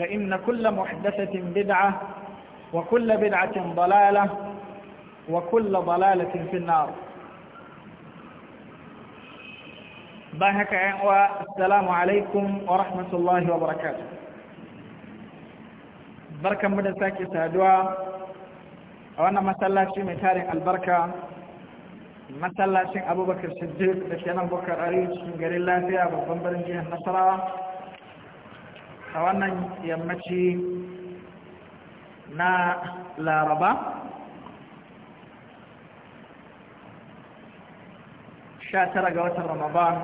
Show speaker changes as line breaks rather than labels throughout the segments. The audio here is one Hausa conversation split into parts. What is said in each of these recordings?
فإن كل محدثة بدعة وكل بدعة ضلالة وكل ضلالة في النار باهك والسلام عليكم ورحمة الله وبركاته بركة مدساك سادوا وانا مسلا شيء متارك البركة مسلا شيء أبو بكر صديق لشينا بكر أريد من قريل الله فيها بالضمبر جهة النصرة a wannan yammaci na laraba sha tara ga watan ramadan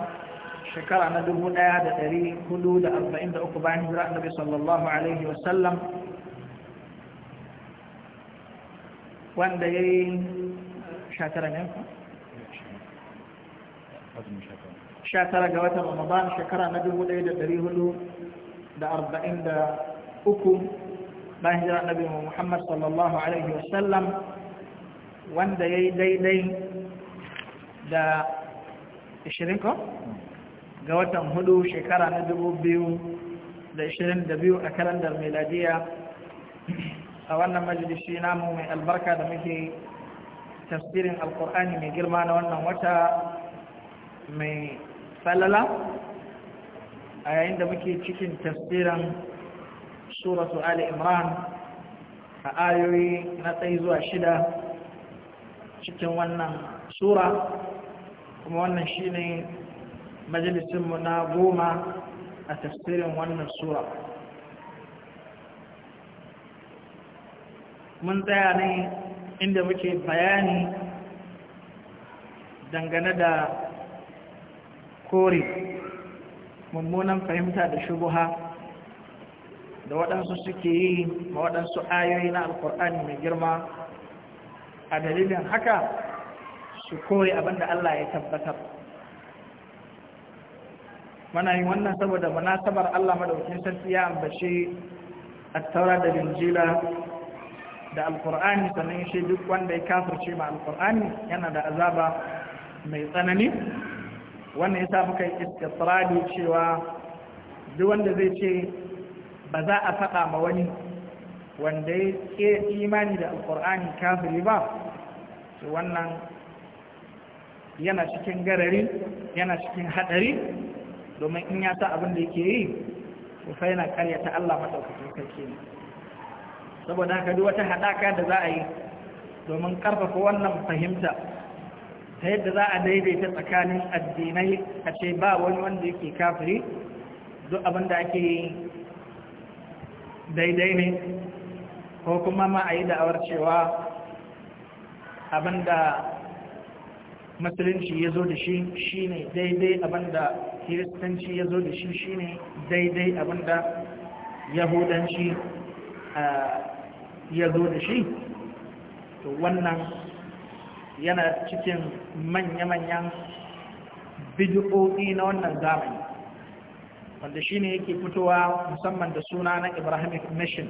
shekara na dubu ɗaya da ɗari hudu da arba'in da uku bayan hijira annabi sallallahu alaihi wasallam wanda ya yi sha tara ne sha tara ga watan ramadan shekara na dubu ɗaya da ɗari hudu da arba'in da uku bayan jira nabi muhammad sallallahu alaihi wasallam wanda ya yi daidai da ishirin ko ga watan hudu shekara na dubu biyu da ishirin da biyu a kalandar meladiya a wannan majalisi namu mai albarka da muke tafsirin alkur'ani mai girma na wannan wata mai falala a yayin da muke cikin tafsirin suratu ali imran a ayoyi na tsayi zuwa shida cikin wannan sura kuma wannan shine majalisinmu na goma a tafsirin wannan sura mun tsaya ne inda muke bayani dangane da kore mummunan fahimta da shubuha da waɗansu suke yi ma waɗansu ayoyi na alkur'ani mai girma a dalilin haka su koyi abinda Allah ya tabbatar mana yin wannan saboda munasabar Allah maɗaukin sarki ya ambace a taura da linjila da alkur'ani sannan shi duk wanda ya kafirce ma alkur'ani yana da azaba mai tsanani wannan ya sa muka yi istisradi cewa duk wanda zai ce ba za a faɗa ma wani wanda ya ke imani da alkur'ani kafiri ba to wannan yana cikin garari yana cikin haɗari domin in ya sa abin da yake yi to sai yana karyata Allah maɗaukacin sarki ne saboda haka duk wata haɗaka da za a yi domin ƙarfafa wannan fahimta ta yadda za a daidaita tsakanin addinai a ce ba wani wanda yake kafiri duk abinda ake daidai ne ko kuma ma a yi da'awar cewa da musulunci ya zo da shi shi ne daidai abinda kiristanci ya zo da shi shi ne daidai abinda yahudanci eh, ya zo da shi to wannan yana cikin manya-manyan bidu'o'i na wannan zamani wanda shi ne yake fitowa musamman da suna na ibrahimic mission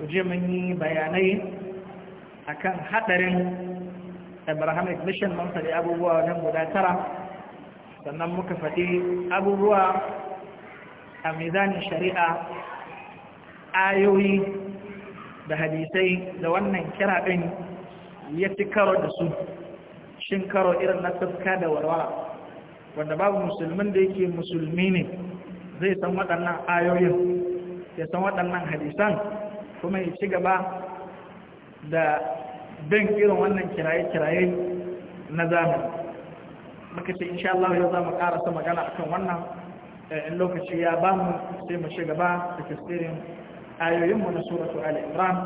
kuje mun yi bayanai a kan haɗarin ibrahimic mission mun faɗi abubuwa wajen guda tara sannan muka faɗi abubuwa a mizanin shari'a ayoyi da hadisai da wannan kira ɗin ya ci karo da su shin karo irin na tafka da warwara wanda babu musulmin da yake musulmi ne zai san waɗannan ayoyin ya san waɗannan hadisan kuma ya ci gaba da bin irin wannan kiraye-kiraye na zamani maka ce insha Allah ya za mu karasa magana akan wannan eh, in lokaci ya ba mu sai mu shiga ba da tafsirin ayoyinmu na suratu al-imran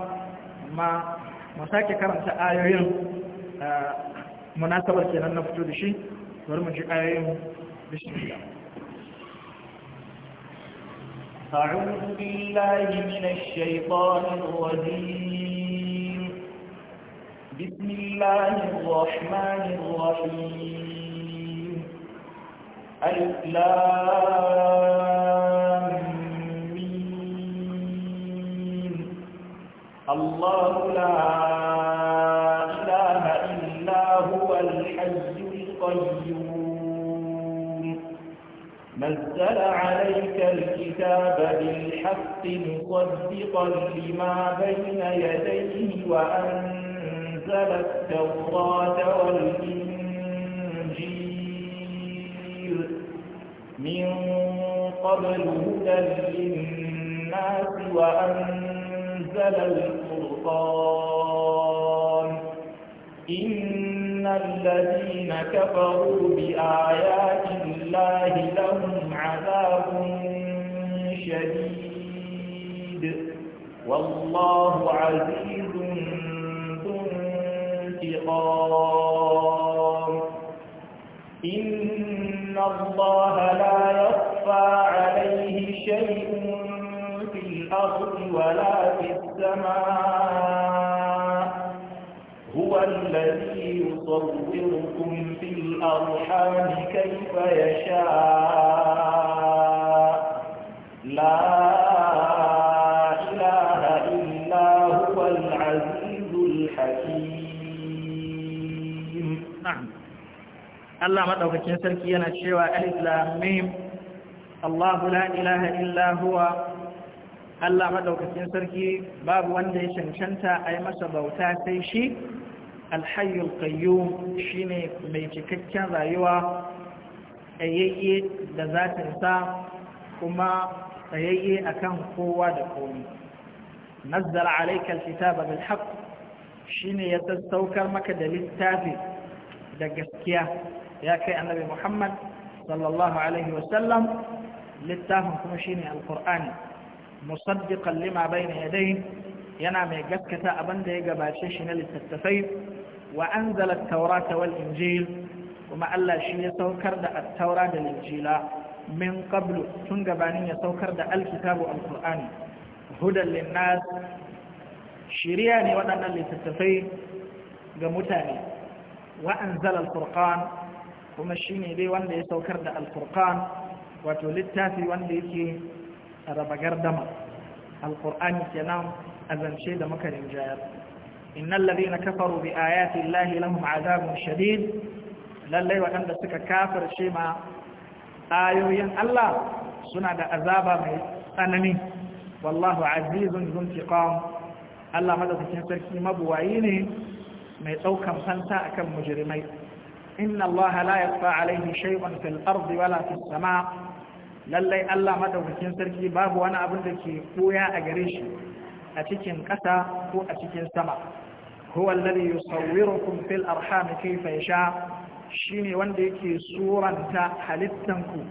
ma. mu sake karanta ayoyin munasabar kenan na fito da shi bari mu ji
ayoyin أعوذ بالله من الشيطان الرجيم بسم الله الرحمن الرحيم الإسلام الله لا إله إلا هو الحي القيوم نزل عليك الكتاب بالحق مصدقا لما بين يديه وأنزل التوراة والإنجيل من قبل هدى للناس وأنزل أنزل الفرقان إن الذين كفروا بآيات الله لهم عذاب
شديد والله عزيز
ذو انتقام إن الله لا يخفى عليه شيء الأرض ولا في السماء هو الذي يصوركم في الأرحام كيف يشاء لا إله إلا هو العزيز
الحكيم نعم الله ما ينسلك ينا شوى الشيوى لا ميم الله لا إله إلا هو Allah maɗaukacin sarki babu wanda ya cancanta a yi masa bauta sai shi alhayyul qayyum shine mai cikakken rayuwa tsayayye da zatinsa kuma tsayayye akan kowa da komi nazzala alayka alkitaba bil haqq shine ya sassaukar maka da littafi da gaskiya ya kai annabi Muhammad sallallahu alaihi wasallam littafin kuma shine alkur'ani. musaddiqan lima bayna yadayhi yana mai gaskata abin da ya gabace shi na littattafai wa anzala at-taurata wal injil kuma Allah shi ya saukar da at-taura da injila min qablu tun gabanin ya saukar da al-kitabu al hudan lin-nas shiriya ne waɗannan littattafai ga mutane wa anzala al-furqan kuma shine dai wanda ya saukar da al-furqan wato littafi wanda yake raba gardama alƙur'ani kenan a zance da muka rinjayar innal ladina kafaru bi ayati llahi lahum azabun shadid lallai waɗanda suka kafirce ma ayoyin Allah suna da azaba mai tsanani wallahu azizun zuntiqam Allah madaukakin sarki mabuwayi ne mai tsaukan fanta akan mujrimai inna Allah la yakhfa alayhi shay'un fil ardi wala fis sama' lallai Allah madaukakin sarki babu wani abin da ke koya a gare shi a cikin ƙasa ko a cikin sama huwa alladhi yusawwirukum fil arham kayfa yasha shine wanda yake suranta halittanku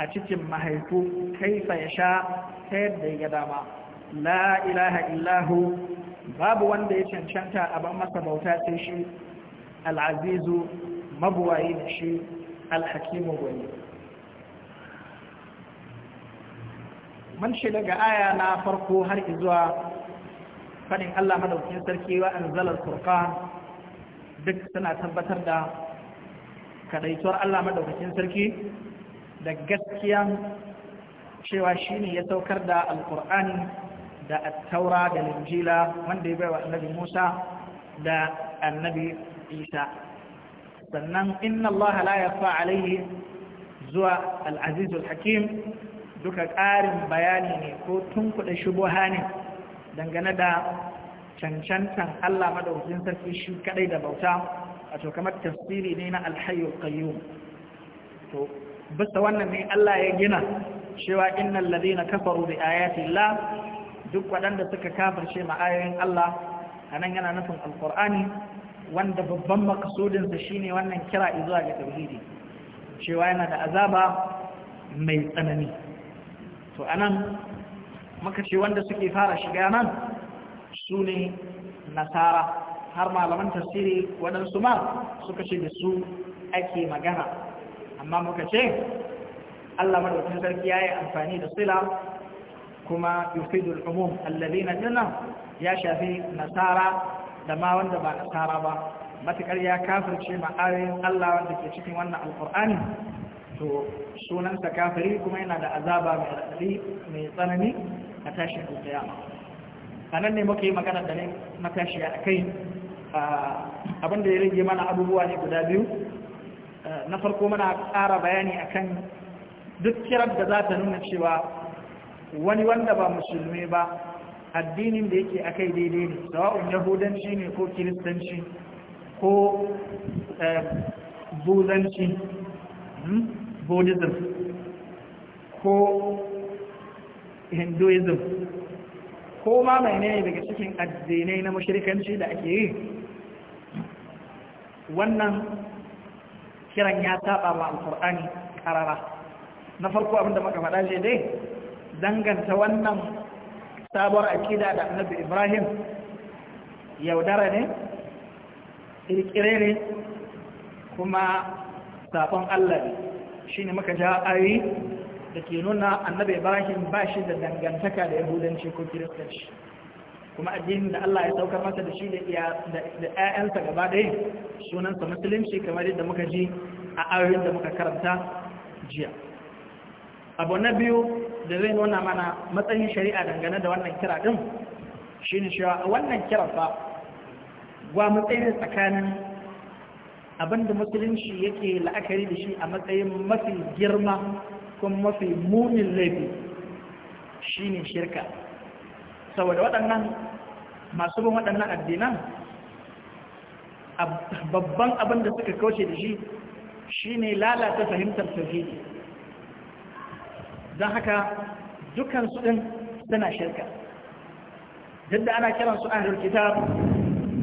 a cikin mahaifu kayfa yasha ta yadda ya dama la ilaha illahu babu wanda ya cancanta a ban masa bauta sai shi al-azizu mabuwayi da shi al-hakimu man shi daga aya na farko har izuwa fadin Allah madaukakin sarki wa anzalal furqan duk sana tabbatar da kadaituwar Allah madaukakin sarki da gaskiya cewa shine ya saukar da alkur'ani da at-taura da injila wanda ya baiwa annabi Musa da annabi Isa sannan inna Allah la yafa alaihi zuwa al-azizul hakim duka ƙarin bayani ne ko tun kuɗa shubuha ne dangane da cancantan Allah madaukakin sarki shi kadai da bauta wato kamar tafsiri ne na alhayyul qayyum to bisa wannan ne Allah ya gina cewa innan innal na kafaru da ayati Allah duk waɗanda suka kafirce ma ayoyin Allah anan yana nufin alqur'ani wanda babban makasudinsa shi shine wannan kira izuwa ga tauhidi cewa yana da azaba mai tsanani to anan muka ce wanda suke fara shiga nan su ne nasara har malaman tafsiri waɗansu ma suka ce da su ake magana amma muka ce Allah madaukakin sarki ya yi amfani da sila kuma yufidul umum na dinna ya shafi nasara da ma wanda ba nasara ba matakar ya kafirce ma'arin Allah wanda ke cikin wannan alqur'ani to sunansa kafiri kuma yana da azaba mai raɗaɗi mai tsanani a tashin alkiyama a nan ne muka yi magana da ne tashi a kai abinda ya rage mana abubuwa ne guda biyu na farko mana ƙara bayani akan duk kirar da za ta nuna cewa wani wanda ba musulmi ba addinin da yake a kai daidai ne sawa'un yahudanci ne ko kiristanci ko eh, buzanci hmm? buddhism ko hinduism ko ma mai ne daga cikin addinai na mashirikanci da ake yi wannan kiran ya taba wa alkur'ani karara na farko abinda maka faɗa ce dai danganta wannan sabuwar akida da annabi ibrahim yaudara ne ƙirƙire ne kuma sabon allah ne shine muka maka ayi da ke nuna annabi Ibrahim ba shi da dangantaka da Yahudanci ko Kiristanci kuma addinin da Allah ya sauka masa da shi da ‘ya'yansa gaba ɗaya sunansa musulunci kamar yadda muka ji a arin da muka karanta jiya abu na biyu da zai nuna mana matsayin shari'a dangane da wannan kira ɗin shi ne shi wannan kira fa gwa tsakanin abinda musulunci yake la'akari da shi a matsayin mafi girma kuma mafi munin laifi shine shirka saboda waɗannan masu bin waɗannan addinan babban abin da suka kauce da shi shine lalata fahimtar tauhidi don haka dukansu ɗin suna shirka duk da ana kiransu ahlul kitab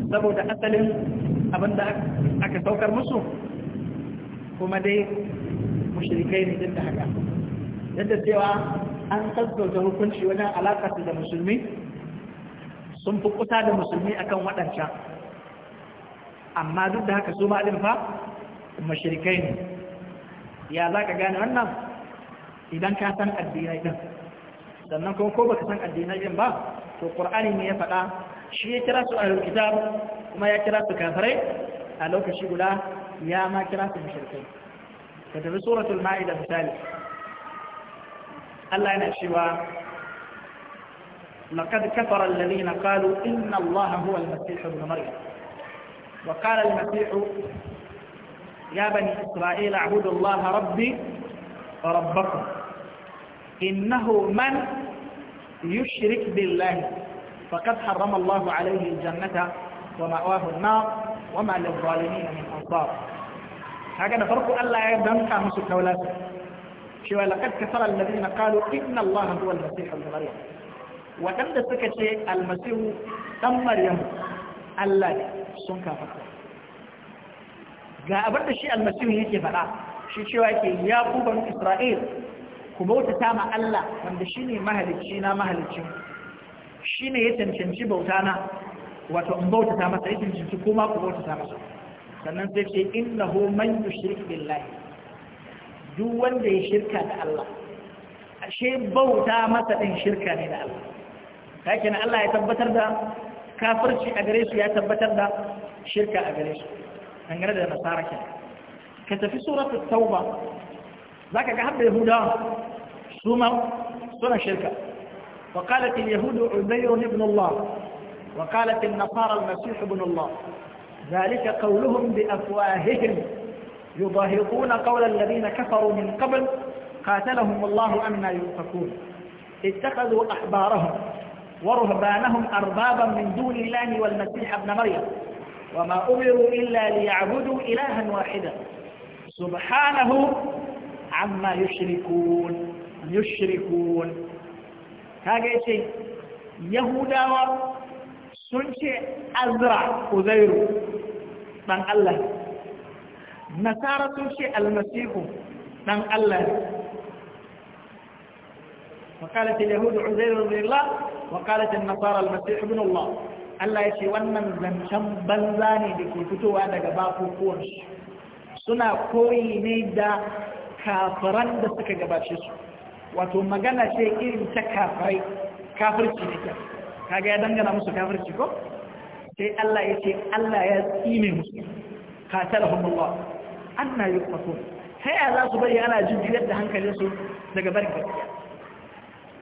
saboda asalin abin da muka saukar musu kuma dai mushrikai ne duk da haka yadda cewa an da hukunci wajen alaƙarsu da musulmi sun fi kusa da musulmi akan waɗancan amma duk da haka su ma'adin fa mushrikai ne ya za ka gane wannan idan ka san addinai ɗin sannan kuma ko baka san addinai ɗin ba to ƙur'ani ne ya faɗa shi ya kira su a kitab kuma ya kira su kafirai ألوك lokaci لا يا ما كرات المشركين كتب سورة المائدة suratul ألا أنا Allah لقد كفر الذين قالوا إن الله هو المسيح ابن مريم وقال المسيح يا بني إسرائيل اعبدوا الله ربي وربكم إنه من يشرك بالله فقد حرم الله عليه الجنة ومأواه النار wa ma lil zalimin min ansar kaga da farko Allah ya danka musu kaulat cewa laqad kafara alladhina qalu inna Allah huwa al-masih ibn maryam wadanda suka ce al-masih maryam Allah ne sun kafarta ga abin da shi al-masih yake faɗa shi cewa yake ya ku isra'il ku bautata ma Allah wanda shine mahalicci na shine ya cancanci bauta na wato in bautata masa yake jinsu kuma ku bautata masa sannan sai ce innahu man yushrik billahi duk wanda ya shirka da Allah ashe bauta masa din shirka ne da Allah kake na Allah ya tabbatar da kafirci a gare su ya tabbatar da shirka a gare su dangane da nasara ke ka tafi suratul tauba zaka ga hadda yahudawa su ma suna shirka وقالت اليهود عزير ابن الله وقالت النصارى المسيح ابن الله ذلك قولهم بأفواههم يضاهقون قول الذين كفروا من قبل قاتلهم الله أنا يؤفكون اتخذوا أحبارهم ورهبانهم أربابا من دون الله والمسيح ابن مريم وما أمروا إلا ليعبدوا إلها واحدا سبحانه عما يشركون يشركون هذا شيء يهودا sun ce azra uzairu ɗan Allah nasara sun ce almasihu ɗan Allah وقالت اليهود عزير بن الله وقالت النصارى المسيح ابن الله Allah ya ce wannan zancen banza ne da ke fitowa daga bakukuwan shi suna koyi ne da kafiran da suka gabace su wato magana ce irin ta kafirai kafirci ne ta. kaga ya dangana musu kafirci ko sai Allah ya ce Allah ya tsime musu qatalahumullah anna yufakun sai ya za su bari ana jin da hankalin su daga barin gaskiya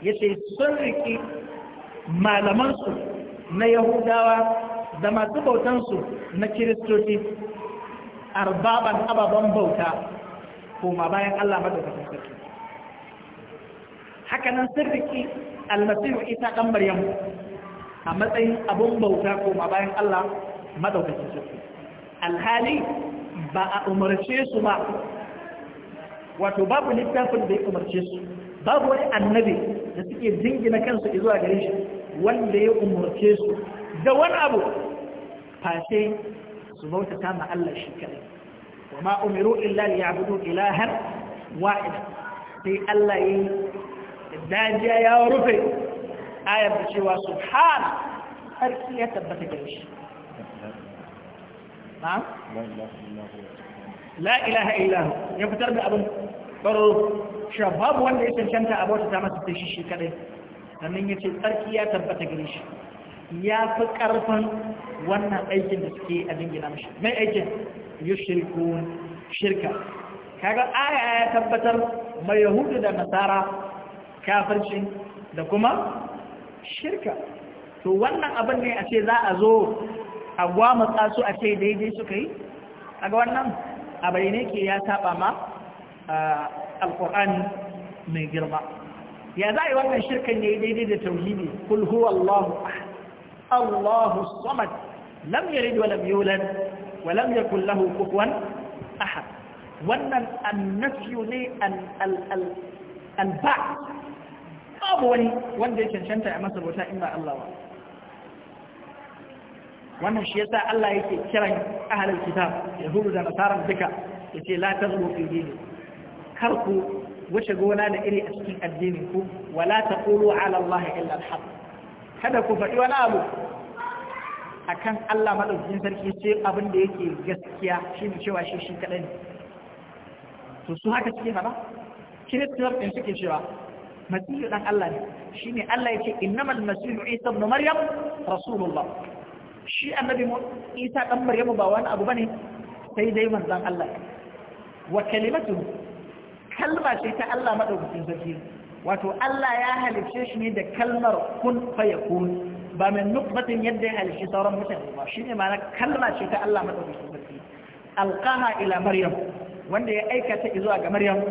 yace sun riki malaman su na yahudawa da masu bautan su na kiristoci arbaban ababan bauta kuma bayan Allah madaukakin sarki haka nan sun riki almasihu isa dan maryam a matsayin abun bauta ko ma bayan Allah madaukakin sarki alhali ba a umarce su ba wato babu littafin da ya umarce su babu wani annabi da suke jingina kansu zuwa gare shi wanda ya umarce su da wani abu fashe su bauta ta ma Allah shi kadai wa ma umiru illa liya'budu ilahan wa'ida sai Allah yayi dajiya ya rufe ayar da cewa har sarki ya tabbata gare shi
la ilaha illahu
ya fitar da abin baro shababu wanda ya cancanta abota ta masa tashi shi kadai sannan ya ce tsarki ya tabbata gare shi ya fi karfin wannan aikin da suke a dingina mashi mai aikin yi shirkun shirka kaga aya ya tabbatar mai yahudu da nasara kafircin da kuma shirka to wannan abin ne a ce za a zo a gwamutsa su a ce daidai suka yi a ga wannan abai ne ke ya saba ma alkur'ani mai girma ya za a yi wannan shirkan ya yi daidai da tauhidi kul huwa allahu allahu samad lam yalid wa lam yulad wa lam yakul lahu kufuwan ahad wannan annafyu ne al al al babu wani wanda ya cancanta a masa bauta in ba Allah ba wannan shi yasa Allah yake kiran ahlul kitab yahudu da nasaran duka yace la tazlu fi dini karku wuce gona da iri a cikin addinin ku wala taqulu ala Allah illa al-haq kada ku faɗi wani abu akan Allah madaukakin sarki sai abin da yake gaskiya shine cewa shi shi kadai ne to su haka suke faɗa kiristof ɗin suke cewa masihu dan Allah ne shine Allah ya ce innamal masihu isa ibn maryam rasulullah shi annabi isa dan maryamu ba wani abu bane sai dai manzon Allah wa kalimatu kalma ce ta Allah madaukakin sarki wato Allah ya halice shi ne da kalmar kun fayakun ba mai nukmatin yadda ya halishe sauran mutane ba shine ma'ana kalma ce ta Allah madaukakin sarki alqaha ila maryam wanda ya aikata zuwa ga maryam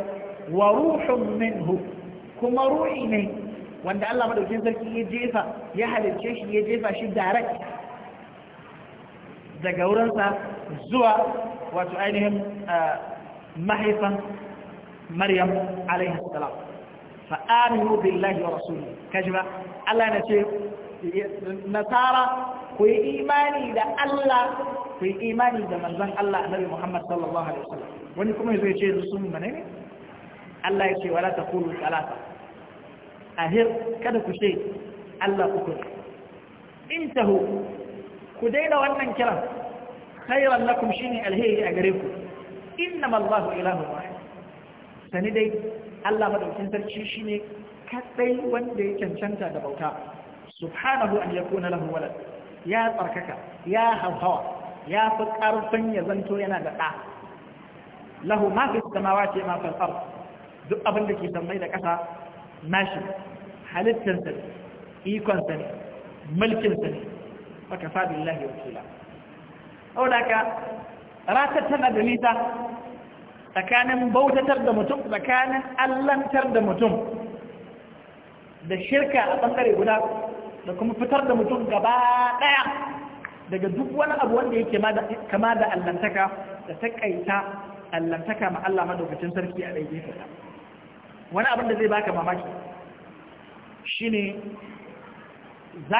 wa ruhun minhu kuma ruhi ne wanda Allah madaukin sarki ya jefa ya halicce shi ya jefa shi direct daga wurinsa zuwa wato ainihin mahaifan maryam alaihi salam fa aminu billahi wa rasulihi kaji ba Allah na ce nasara ku yi imani da Allah ku yi imani da manzon Allah annabi Muhammad sallallahu alaihi wasallam wani kuma zai ce su mun ne Allah ya ce wala takunu salata ahir kada ku ce Allah uku intahu ku daina wannan kiran khairan lakum shine alheri a gare ku innama Allahu ilahu wahid sani dai Allah madaukin sarki shine kadai wanda ya cancanta da bauta subhanahu an yakuna lahu walad ya tsarkaka ya hawhawa ya fi karfin ya zanto yana da ɗa lahu ma fi ce ma fi duk abin da ke sammai da ƙasa nashi halittarsa ne ikonsa ne mulkinsa ne baka fadin lahi wakila au da ka ratar tana da nisa tsakanin bautatar da mutum tsakanin allantar da mutum da shirka a ɓangare guda da kuma fitar da mutum gaba ɗaya daga duk wani abu wanda yake kama da allantaka da taƙaita allantaka ma Allah madaukacin sarki a ɗaya wani abin da zai baka mamaki shine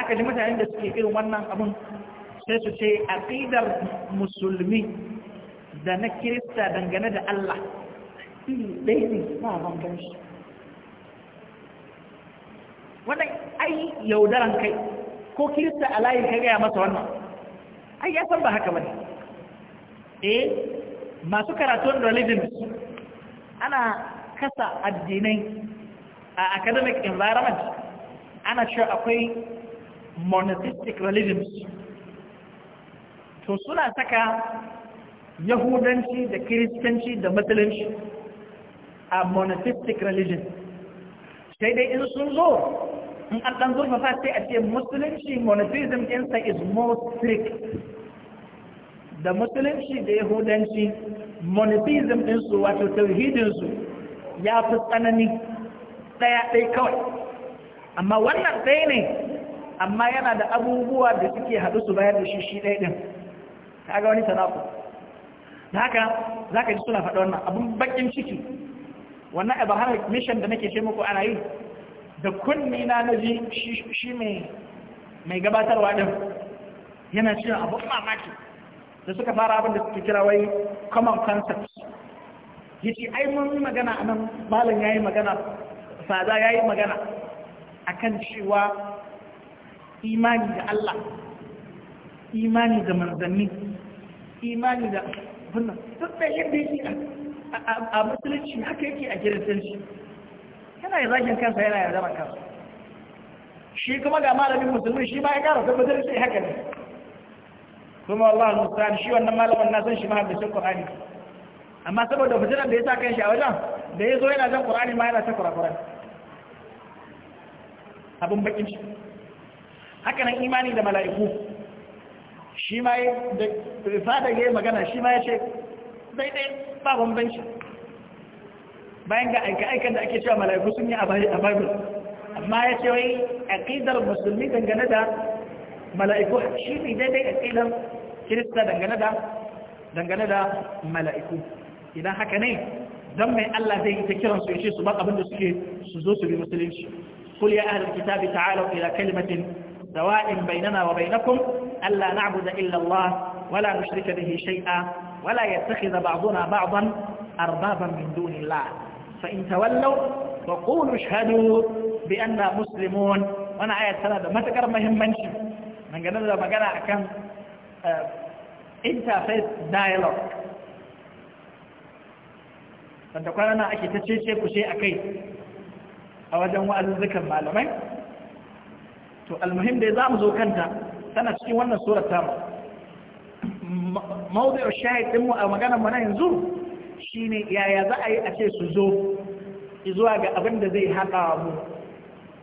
ka ji mutanen da suke irin wannan abin sai su ce aqidar musulmi da na kirista dangane da Allah iri ɗaya ne ba shi wannan ai yaudaran kai ko kirista a layi kai gaya masa wannan ai ya san ba haka ba ne eh masu karatun religion ana kasa addinai a academic environment ana cewa akwai monotheistic religions to suna saka yahudanci da kiristanci da musulunci a monotheistic religion sai dai in sun zo in an ɗan zurfafa sai a ce musulunci monotheism ɗinsa is more strict da musulunci da yahudanci monotheism ɗinsu wato tauhidinsu ya fi tsanani ɗaya ɗai kawai amma wannan ɗaya ne amma yana da abubuwa da suke haɗu su bayar da shi shi ɗai ɗin ta ga wani sanaku da haka za ka ji suna faɗa wannan abin bakin ciki wannan har mission da nake ce muku ana yi da kunni na naji shi mai gabatarwa ɗin yana cin abin mamaki da suka fara abin da suke kira wai common concepts yace ai mun magana a anan malam yi magana sada yi magana a kan cewa imani da Allah imani da manzanni imani da wannan duk da yadda yake a musulunci haka yake a kiristanci yana yi zagin kansa yana yarda da kansa shi kuma ga malamin musulmi shi ma ya kara tabbatar shi haka ne kuma Allah al shi wannan malamin na san shi ma da shi Qur'ani amma saboda fitinan da ya sa kan shi a wajen da ya zo yana jan ƙur'ani ma yana ta kurakuran abin bakin shi Hakanan imani da mala'iku shi ma da fada ya yi magana shi ma ya ce daidai ba bambanci bayan ga aika-aikan da ake cewa mala'iku sun yi a bible amma ya ce wai aƙidar musulmi dangane da mala'iku shi ne daidai aƙidar kirista dangane da dangane da mala'iku idan haka ne dan mai Allah zai yi ta kiran su yace su ba abin da suke su zo su bi musulunci kul ya ahlul kitabi ta'alu ila kalimatin sawa'in bainana wa bainakum alla na'budu illa Allah wa la nushrika bihi shay'a wa la ولا يتخذ بعضنا بعضا أربابا من دون الله فإن تولوا فقولوا اشهدوا بأننا مسلمون وانا آية ثلاثة ما تكرم مهم منشي من قلنا لما قلنا كان انترفيس dialogue wanda kwanana ake ta cece kushe a kai a wajen wa'azuzzukan malamai to almuhim dai za mu zo kanta tana cikin wannan surar tamu mawuzi shahid ɗinmu a maganar mana yanzu shine yaya za a yi a ce su zo zuwa ga abin da zai haɗa mu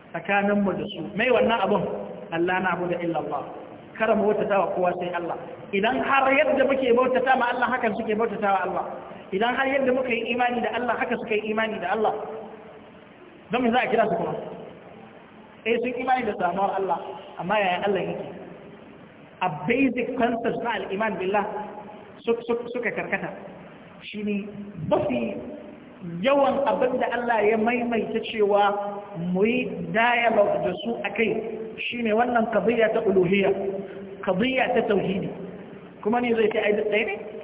tsakaninmu da su mai wannan abin Allah na abu da illallah kada mu bautata wa kowa sai Allah idan har yadda muke bautata ma Allah hakan suke bauta wa Allah idan har yadda muka yi imani da Allah haka suka yi imani da Allah don me za a kira su kuma eh sun imani da samuwar Allah amma yayin Allah yake a basic concept na al'iman billah suka karkata shi ne bafi yawan abin da Allah ya maimaita cewa mu yi dialogue da su a kai shi ne wannan kabiya ta uluhiyya kabiya ta tauhidi kuma ne zai ce ai ɗaya ne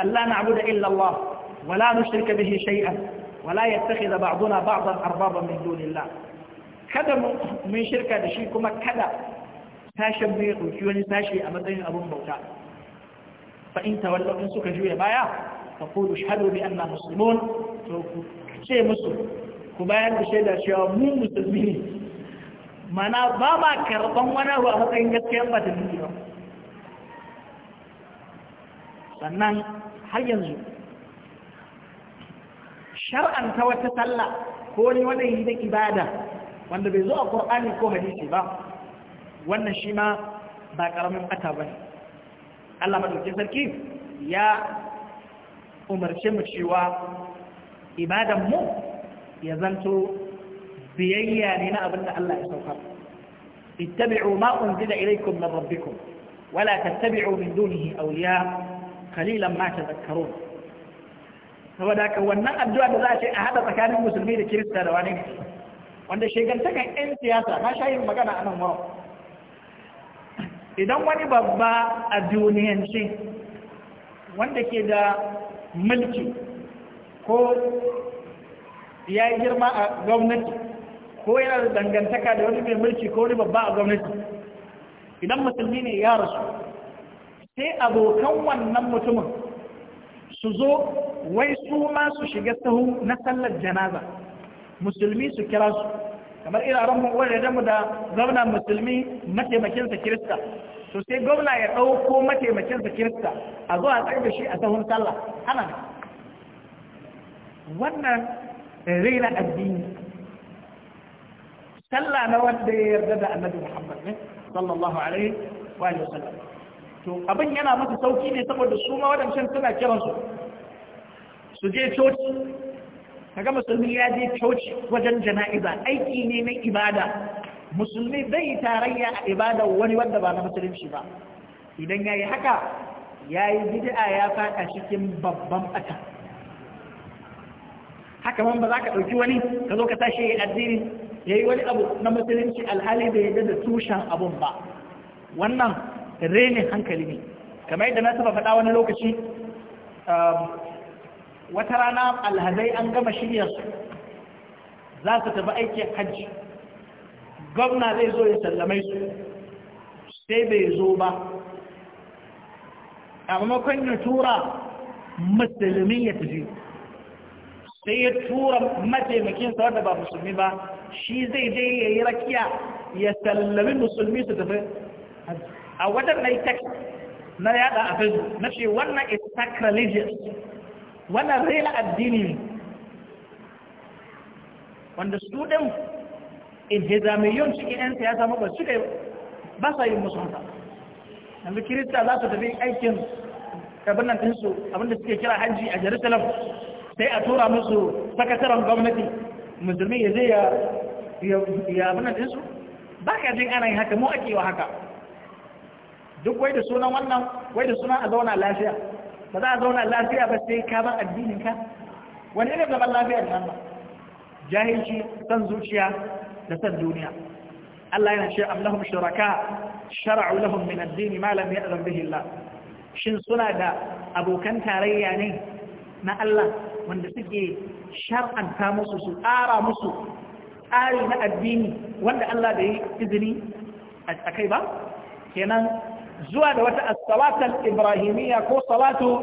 أن لا نعبد إلا الله ولا نشرك به شيئا ولا يتخذ بعضنا بعضا أربابا من دون الله كذا من شركة شيكما كذا ساشم بيقل شواني ساشي أمدين أبو موتا فإن تولوا إنسوك جوية بايا فقولوا اشهدوا بأننا مسلمون شيء مسلم كبير بشيء لا شيء مو مسلمين ما نا باما كربان وانا هو أحد إنجاز sannan har yanzu shar'anta wata sallah ko wani wani yi da ibada wanda bai zo a ƙur'ani ko hadisi ba wannan shi ma ba ƙaramin ƙata ba ne allah maɗauki sarki ya umarce mu cewa ibadan mu ya zanto biyayya ne na abin da allah ya saukar ittabi'u ma unzila ilaykum min rabbikum wala tattabi'u min dunihi awliya qalilan ma tadhakkarun saboda ka wannan addu'a da za a ce a hada tsakanin musulmi da kirista da wani wanda shegantakan 'yan siyasa na shayin magana a nan wurin idan wani babba a duniyance wanda ke da mulki ko ya yi girma a gwamnati ko yana da dangantaka da wani mai mulki ko wani babba a gwamnati idan musulmi ne ya rasu sai abokan wannan mutumin su zo wai su ma su shiga sahu na sallar janaza musulmi su kira su kamar iraren mu wanda wadda mu da gwamna musulmi mataimakinsa kirista to sai gwamna ya ɗauko mataimakinsa kirista a zo a tsarda shi a sahun sallah ana wannan raina addini sallah na wanda ya yarda da annabi muhammad ne sallallahu alaihi wa sallam to abin yana masa sauki ne saboda su ma waɗancan suna kiransu su je coci kaga musulmi ya je coci wajen jana'iza aiki ne na ibada musulmi zai tarayya a ibada wani wanda ba na musulunci ba idan ya yi haka ya yi bid'a ya faɗa cikin babban ɓata haka man ba za ka ɗauki wani ka zo ka tashi ya yi addini ya yi wani abu na musulunci alhali bai ya da tushen abun ba wannan rene hankali ne kamar yadda na saba faɗa wani lokaci um, wata rana alhazai an gama shirya su za su tafi aikin hajji gwamna zai zo ya sallamai su sai bai zo ba a mamakon ya tura musulmi ya tafi sai ya tura mataimakinsa wanda ba musulmi ba shi zai je ya yi rakiya ya sallami musulmi su tafi hajji a wajen na yi tek na yada a facebook na ce wannan is sacrilegious wannan rela addini wanda su ɗin in hezamiyun cikin 'yan siyasa ba su da ba sa yin musu hanta yanzu kirista za su tafi aikin kabinan ɗinsu abinda suke kira hajji a jerusalem sai a tura musu sakataren gwamnati musulmi ya zai ya abinan ɗinsu ba ka jin ana yi haka mu ake wa haka duk wai da sunan wannan wai da sunan a zauna lafiya ba za a zauna lafiya ba sai ka bar addinin ka wani irin zaman lafiya da nan jahilci san zuciya da san duniya Allah yana ce am lahum shuraka shar'u lahum min ad-din ma lam ya'lam bihi Allah shin suna da abokan tarayya ne na Allah wanda suke shar'anta musu su tsara musu tsari na addini wanda Allah bai izini a kai ba kenan زواد وتا الصلاة الإبراهيمية كو صلاة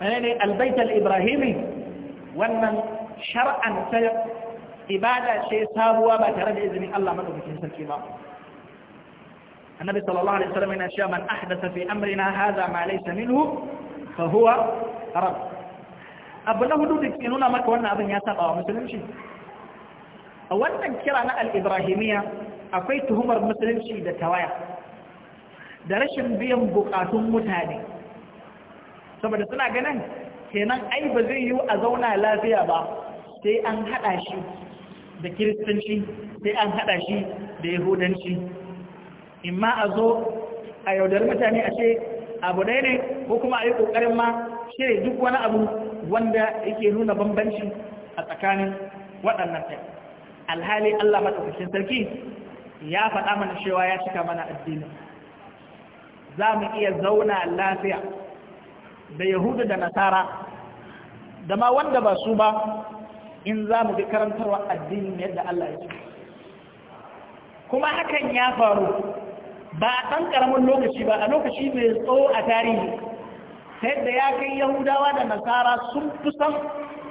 يعني البيت الإبراهيمي ومن شرعا في عبادة شيء سابوا ما ترد إذن الله من في جنس النبي صلى الله عليه وسلم إن أشياء من أحدث في أمرنا هذا ما ليس منه فهو رب أبو الله دود إنونا ما كوانا أبن ياسا أو مسلم شيء أولا كرانا الإبراهيمية akwai tuhumar musulunci da tawaya da rashin biyan bukatun mutane saboda suna ganin kenan ai ba zai yi a zauna lafiya ba sai an haɗa shi da kiristanci sai an haɗa shi da yahudanci imma a zo a yaudar mutane a ce abu ɗaya ne ko kuma a yi ƙoƙarin ma shirya duk wani abu wanda yake nuna bambanci a tsakanin waɗannan ɗaya alhali Allah maɗaukacin sarki ya faɗa mana cewa ya cika mana addini za mu iya zauna lafiya da yahudu da nasara da ma wanda ba su ba in za mu bi karantarwa addinin yadda Allah ya ce kuma hakan ya faru ba a ɗan ƙaramin lokaci ba a lokaci mai tsawo a tarihi Ta yadda ya kai yahudawa da nasara sun kusan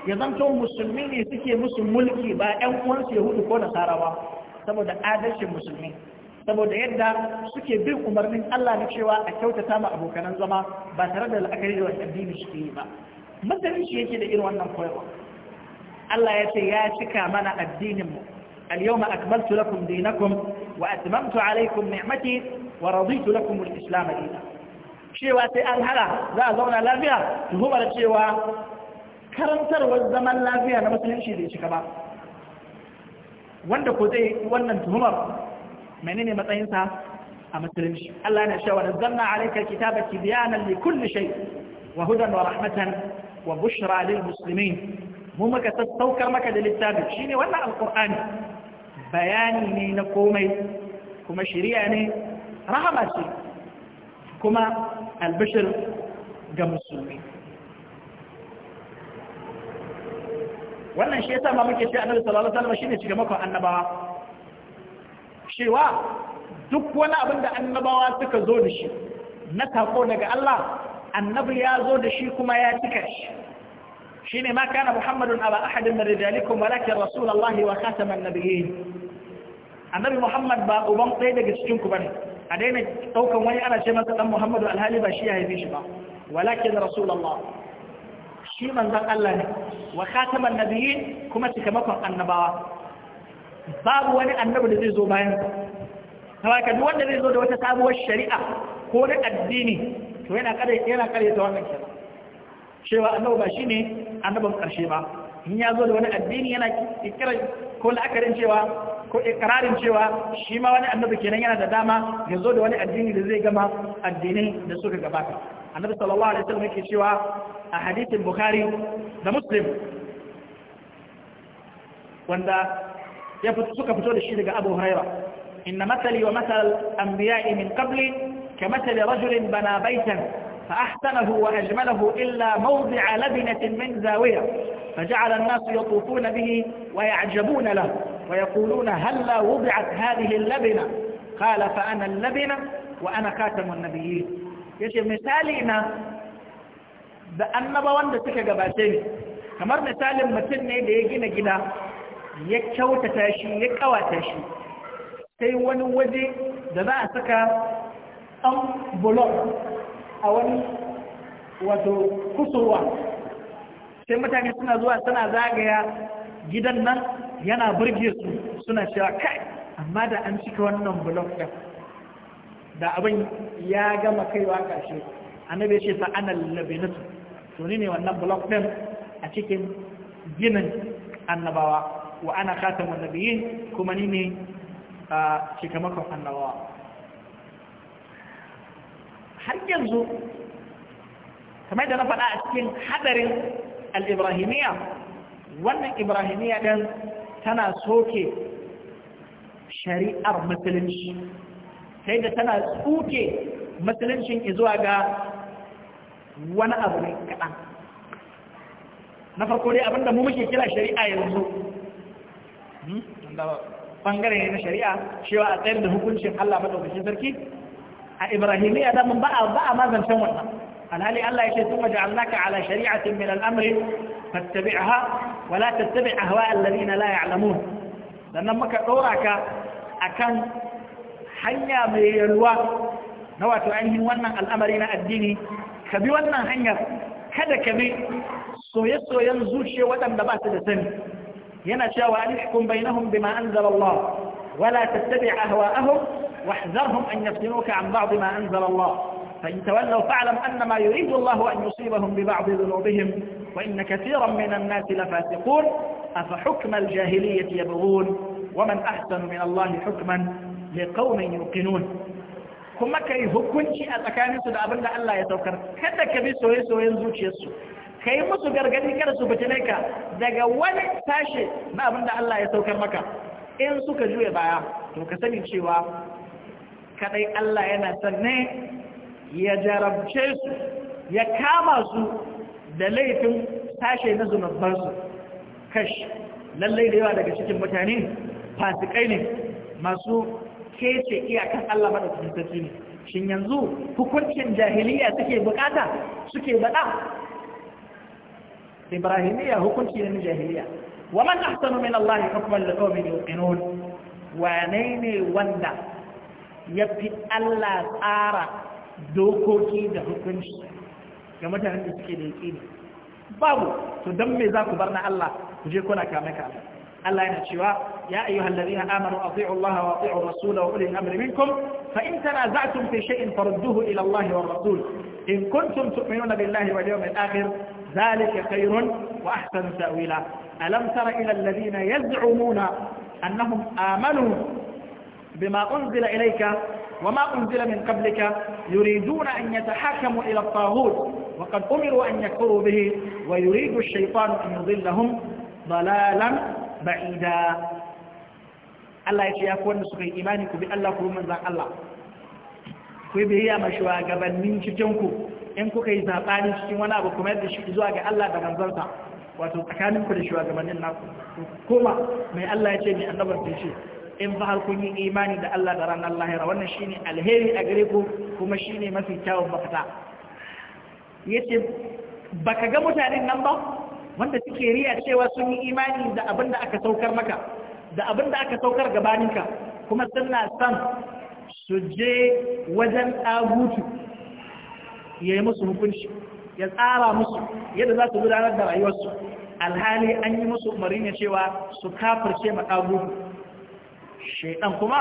ya zanto musulmi ne suke musu mulki ba 'yan uwansu yahudu ko nasara saboda adalcin musulmi saboda yadda suke bin umarnin Allah na cewa a kyautata ma abokanan zama ba tare da la'akari da wani addini suke yi ba musulmi shi yake da irin wannan koyarwa Allah ya ce ya cika mana addinin mu al-yawma akmaltu lakum dinakum wa atmamtu alaykum ni'mati wa raditu lakum al-islam dinan cewa sai an hara za a zauna lafiya tuhumar cewa karantarwar zaman lafiya na musulunci zai cika ba wanda ko zai wannan tuhumar menene matsayinsa a shi. Allah yana cewa zanna alayka kitaba tibyanan li kulli shay wa hudan wa rahmatan wa bushra lil muslimin mu muka sassaukar maka da littafi shine wannan alqur'ani bayani ne na komai kuma shari'a ne rahama ce kuma albishir ga musulmi wannan shi yasa ma muke ce annabi sallallahu alaihi wasallam shine shugaban annabawa cewa duk wani abin da annabawa suka zo da shi na sako daga Allah annabi ya zo da shi kuma ya cika shi shine ma kana muhammadun aba ahadin min rijalikum walakin rasulullahi wa khataman nabiyyin annabi muhammad ba uban ɗaya daga cikin ku bane a daina daukan wani ana ce masa dan muhammadu alhali ba shi ya haife shi ba walakin rasulullah shi manzan Allah ne wa khataman nabiyyi kuma cikamakon annabawa babu wani annabi da zai zo bayan sa haka duk wanda zai zo da wata sabuwar shari'a ko na addini to yana kare yana kare ta wannan kira cewa annabi ba shine annabin karshe ba in ya zo da wani addini yana ikirar ko la'akarin cewa ko ikrarin cewa shi ma wani annabi kenan yana da dama ya zo da wani addini da zai gama addinin da suka gabata النبي صلى الله عليه وسلم يكي شوى أحاديث البخاري ده مسلم وان ده يفتسك فتول الشيطة أبو هريرة إن مثلي ومثل الأنبياء من قبلي كمثل رجل بنى بيتا فأحسنه وأجمله إلا موضع لبنة من زاوية فجعل الناس يطوفون به ويعجبون له ويقولون هل وضعت هذه اللبنة قال فأنا اللبنة وأنا خاتم النبيين ya ce misali na da annaba wanda suka gabace ne kamar misalin mutum ne da ya gina gida ya kyautata shi ya kawata shi sai wani waje da za a saka an bulon a wani wato kusurwa sai mutane suna zuwa suna zagaya gidan nan yana burge su suna cewa kai amma da an cika wannan bulon ɗin da abin ya gama kaiwa ƙarshe annabi ya ce fa ana labinatu to ni ne wannan block din a cikin ginin annabawa wa ana khatamun nabiyyin kuma ni ne a cikamakon annabawa har yanzu kamar da na faɗa a cikin hadarin al-ibrahimiyya wannan ibrahimiyya ɗin tana soke shari'ar musulunci sai da tana tsuke musuluncin zuwa ga wani abu ne kaɗan na farko dai abinda mu muke kira shari'a yanzu hmm, bangare ne na shari'a cewa a tsayar da hukuncin Allah madaukakin sarki a Ibrahimiyya da mun ba a ba a mazancan wannan alhali Allah ya ce sun maja'alnaka ala shari'atin min al'amri fattabi'ha wa la tattabi' ahwa alladhina la ya'lamun dan muka dora ka akan hanya mai yalwa na wato ainihin wannan al'amari na addini ka bi wannan hanyar kada ka bi soye-soyen zuciya waɗanda ba su da sani yana cewa an hukum bainahum bima anzala Allah wala tattabi' ahwa'ahum واحذرهم fa in عن fa'lam anna ma yuridu Allah an yusibahum bi ba'd dhunubihim wa inna katiran min an-nas كثيرا من الناس لفاسقون أفحكم الجاهلية يبغون ومن أحسن من الله حكما kaunan yuqinun kuma yi hukunci a tsakaninsu da abin da Allah ya saukar kada ka bi soye-soyen zuciyarsu ka yi musu gargadi kada su fitine ka daga wani sashe na abin da Allah ya saukar maka in suka juya baya to ka sani cewa kadai Allah yana sanne ya jarabce su ya kama su da laifin sashe na zunubansu kash lallai da yawa daga cikin mutane fasikai ne masu kece iyakan Allah madaukakin sarki ne shin yanzu hukuncin jahiliya suke bukata suke bada ibrahimiya hukunci ne na jahiliya wa man ahsanu min Allah hukman li qaumin yuqinun wa ne wanda yafi Allah tsara dokoki da hukunci ga mutanen da suke da yaqini babu to dan me za ku bar na Allah ku je kuna kame Allah الله ينشوا يا أيها الذين آمنوا أطيعوا الله وأطيعوا الرسول وأولي الأمر منكم فإن تنازعتم في شيء فردوه إلى الله والرسول إن كنتم تؤمنون بالله واليوم الآخر ذلك خير وأحسن تأويلا ألم تر إلى الذين يزعمون أنهم آمنوا بما أنزل إليك وما أنزل من قبلك يريدون أن يتحاكموا إلى الطاغوت وقد أمروا أن يكفروا به ويريد الشيطان أن يضلهم ضلالا ba'ida Allah ya ce ya kowanne suka yi imani ku bi Allah ku manzan Allah ku yi biyayya ma shugabannin cikin ku in kuka yi zaɓani cikin wani abu kuma yadda shi zuwa ga Allah da manzansa wato tsakanin ku da shugabannin naku kuma mai Allah ya ce mai annabar ta ce in fa har kun yi imani da Allah da ranar lahira wannan shine alheri a gare ku kuma shine mafi kyawun mafita yace baka ga mutanen nan ba wanda suke riya cewa sun yi imani da abin da aka saukar maka da abin da aka saukar gabaninka kuma suna son su je wajen ɗagutu ya yi musu hukunci ya tsara musu yadda za su gudanar da rayuwarsu alhali an yi musu umarni ne cewa su kafirce ma ɗagutu shaidan kuma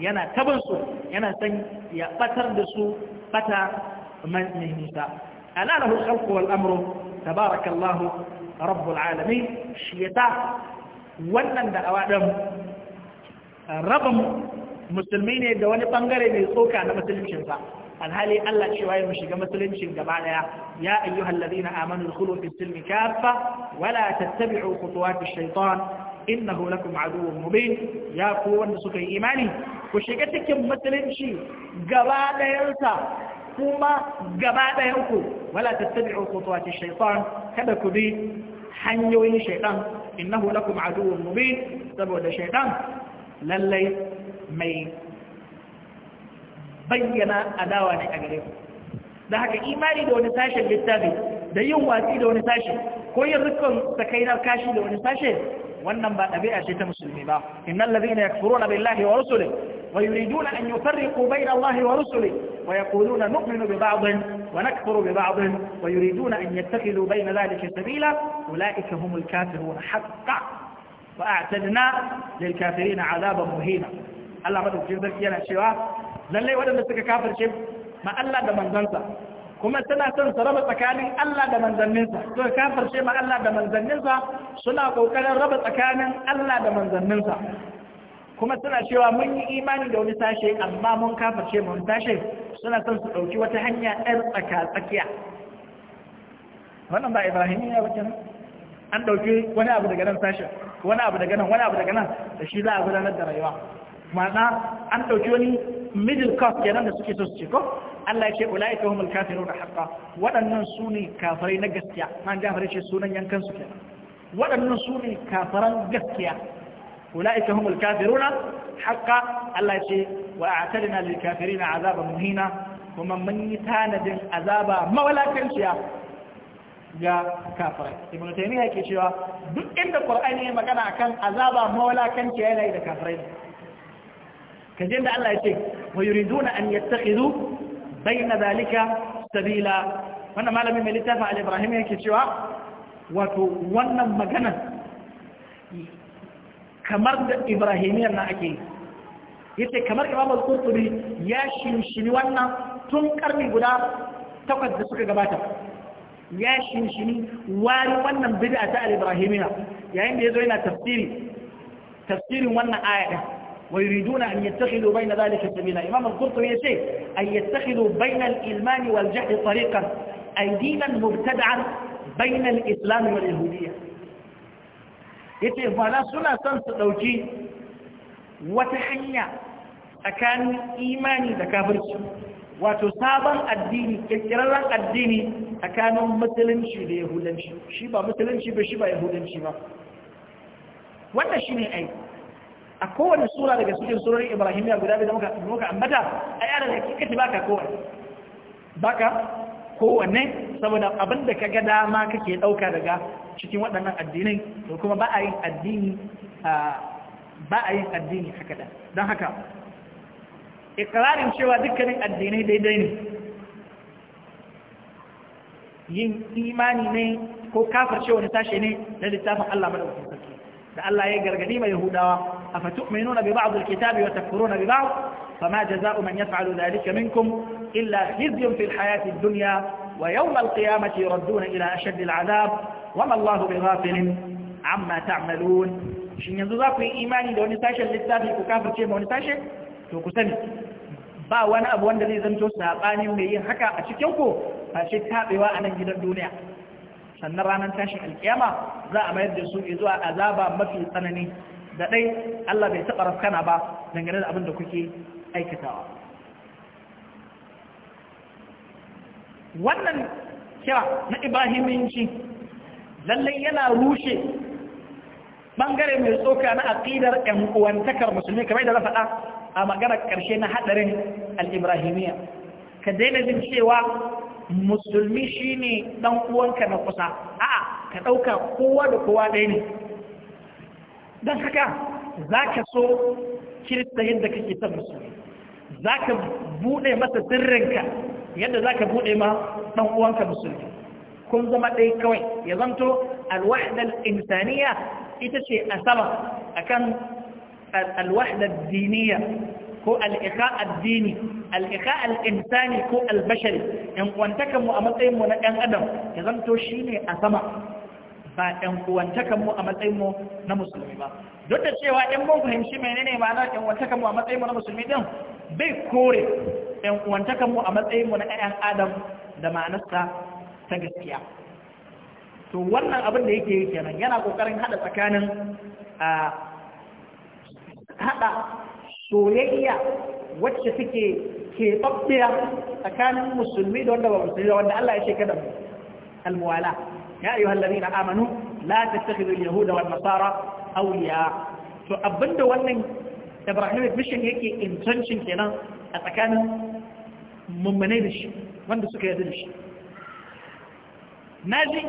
yana tabinsu yana son ya ɓatar da su bata man nisa ala lahu khalqu wal tabarakallahu rabbul alamin shi ya ta wannan da awadan rabin musulmi ne da wani bangare mai tsoka na musuluncinsa alhali Allah cewa ya mu shiga musuluncin gaba daya ya ayyuhal na amanu dkhulu fi silmi kaffa wala tattabi'u khutuwatish shaytan innahu lakum aduwwun mubin ya ku wanda suka yi imani ku shiga cikin musulunci gaba dayansa kuma gaba ɗaya uku wala tattabi'u khutuwati shaitan kada ku bi hanyoyin shaytan kuma lakum aduwwun mubin saboda shaytan lallai mai bayyana adawa ne a gare da haka imani da wani sashen littafi da yin watsi da wani sashe ko yin rikon sakainar kashi da wani sashe wannan ba ɗabi'a ce ta musulmi ba innal ladhina yakfuruna billahi wa rusulihi wa yuriduna an yufarriqu bayna allahi wa rusulihi ويقولون نؤمن ببعض ونكفر ببعض ويريدون أن يتخذوا بين ذلك سبيلا أولئك هم الكافرون حقا وأعتدنا للكافرين عذابا مهينا الله ما تقول ذلك يا شواء لن لي ودن كافر شب ما ألا دمن زنسا كما سنة سنة ربط تكاني ألا دمن زنسا تقول كافر شب ما ألا دمن زنسا سنة قوكنا ربط تكاني ألا دمن زنسا kuma suna cewa mun yi imani da wani sashe amma mun kafarce mun wani sashe suna son su ɗauki wata hanya ɗar tsaka tsakiya wannan ba Ibrahim ibrahimiyya ba kenan an ɗauki wani abu daga nan sashe, wani abu daga nan wani abu daga nan da shi za a gudanar da rayuwa ma'ana an ɗauki wani middle cost kenan da suke so su ce ko Allah ya ce ulaika humul kafirun haqqan waɗannan su ne kafirai na gaskiya man jafare ce sunan yankan su kenan waɗannan su ne kafaran gaskiya أولئك هم الكافرون حقا الله يشي وأعتدنا للكافرين عذابا مهينا ومن من يتاند عذابا ما ولا كنشيا ga kafirai ibnu taymiya yake cewa duk inda qur'ani ya magana akan azaba mawalakanci yana da kafirai kaje da Allah ya yake wa yuriduna an yattakhidhu bayna zalika sabila wannan malami mai littafin al-ibrahim yake cewa wato wannan magana kamar da ibrahimiyar na ake yi yace kamar imam al-qurtubi ya shinshini wannan tun karni guda takwas da suka gabata ya shinshini wari wannan bid'a ta al-ibrahimiyya yayin da yazo yana tafsiri tafsirin wannan aya din wa yuriduna an yattakhidhu bayna dhalika sabila imam al-qurtubi yace an yattakhidhu bayna al-ilman wal jahl tariqan ay dinan mubtada'an bayna al-islam wal yahudiyya yace mana suna son su ɗauki wata hanya tsakanin imani da kafirci wato sabon addini ƙirƙirarren addini tsakanin musulunci da yahudanci shi ba musulunci ba shi ba yahudanci ba wannan shi ne ai a kowane sura daga cikin surorin ibrahim ya guda bai da ka ambata a yara da kika ci baka kowane baka kowanne saboda abin da ka ga dama kake ɗauka daga cikin waɗannan addinai da kuma ba a yin addini ba addini haka da don haka ikirarin cewa dukkanin addinai daidai ne yin imani ne ko kafar cewa wani tashe ne na littafin Allah madaukakin sarki da Allah ya gargadi mai Yahudawa a fatu mai nuna bi ba'd alkitabi wa takfuruna bi ba'd فما جزاء من يفعل ذلك منكم إلا خزي في الحياة الدنيا ويوم القيامة يردون إلى أشد العذاب وما الله بغافل عما تعملون شن ينزوك في إيماني لو نتاشا للتافي كافر كيما نتاشا توقسني با وانا أبو أن الذي زمتو ساقاني ميين حكا أشك يوكو أشك هابي وانا جدا الدنيا سنرى أن نتاشا القيامة زاء ما يرد السوء أذابا مثل الثنني da dai Allah bai taɓa raskana ba dangane da aikatawa wannan kira na ibrahiminci lallai yana rushe bangare mai tsoka na aƙidar 'yan uwantakar musulmi kamar da na faɗa a maganar ƙarshe na haɗarin al-ibrahimiyya ka daina jin cewa musulmi shine ɗan uwanka na kusa a'a ka ɗauka kowa da kowa ɗaya ne don haka za ka so kirista yadda kake son musulmi za ka buɗe masa sirrinka yadda za ka buɗe ma ɗan uwanka musulmi kun zama ɗai kawai ya zanto alwahdar insaniya ita ce a sama akan alwahdar diniya ko al'iƙa addini al'iƙa al'insani ko albashari ‘yan kwantakanmu a matsayinmu na ‘yan adam ya zanto shi ne a sama ba ɗan uwantakan mu a matsayin mu na musulmi ba duk da cewa ɗan mun fahimci menene na ɗan uwantakan mu a matsayin mu na musulmi ɗin bai kore ɗan uwantakan mu a matsayin mu na ɗan adam da ma'anarsa ta gaskiya to wannan abin da yake yi kenan yana kokarin hada tsakanin a hada soyayya wacce take keɓaɓɓiya tsakanin musulmi da wanda ba musulmi da wanda Allah ya shekada mu almuwala يا أيها الذين آمنوا لا تتخذوا اليهود والنصارى أولياء to abinda wannan Ibrahimic mission yake intention kenan a tsakanin mummunai da shi wanda suka yarda da shi naji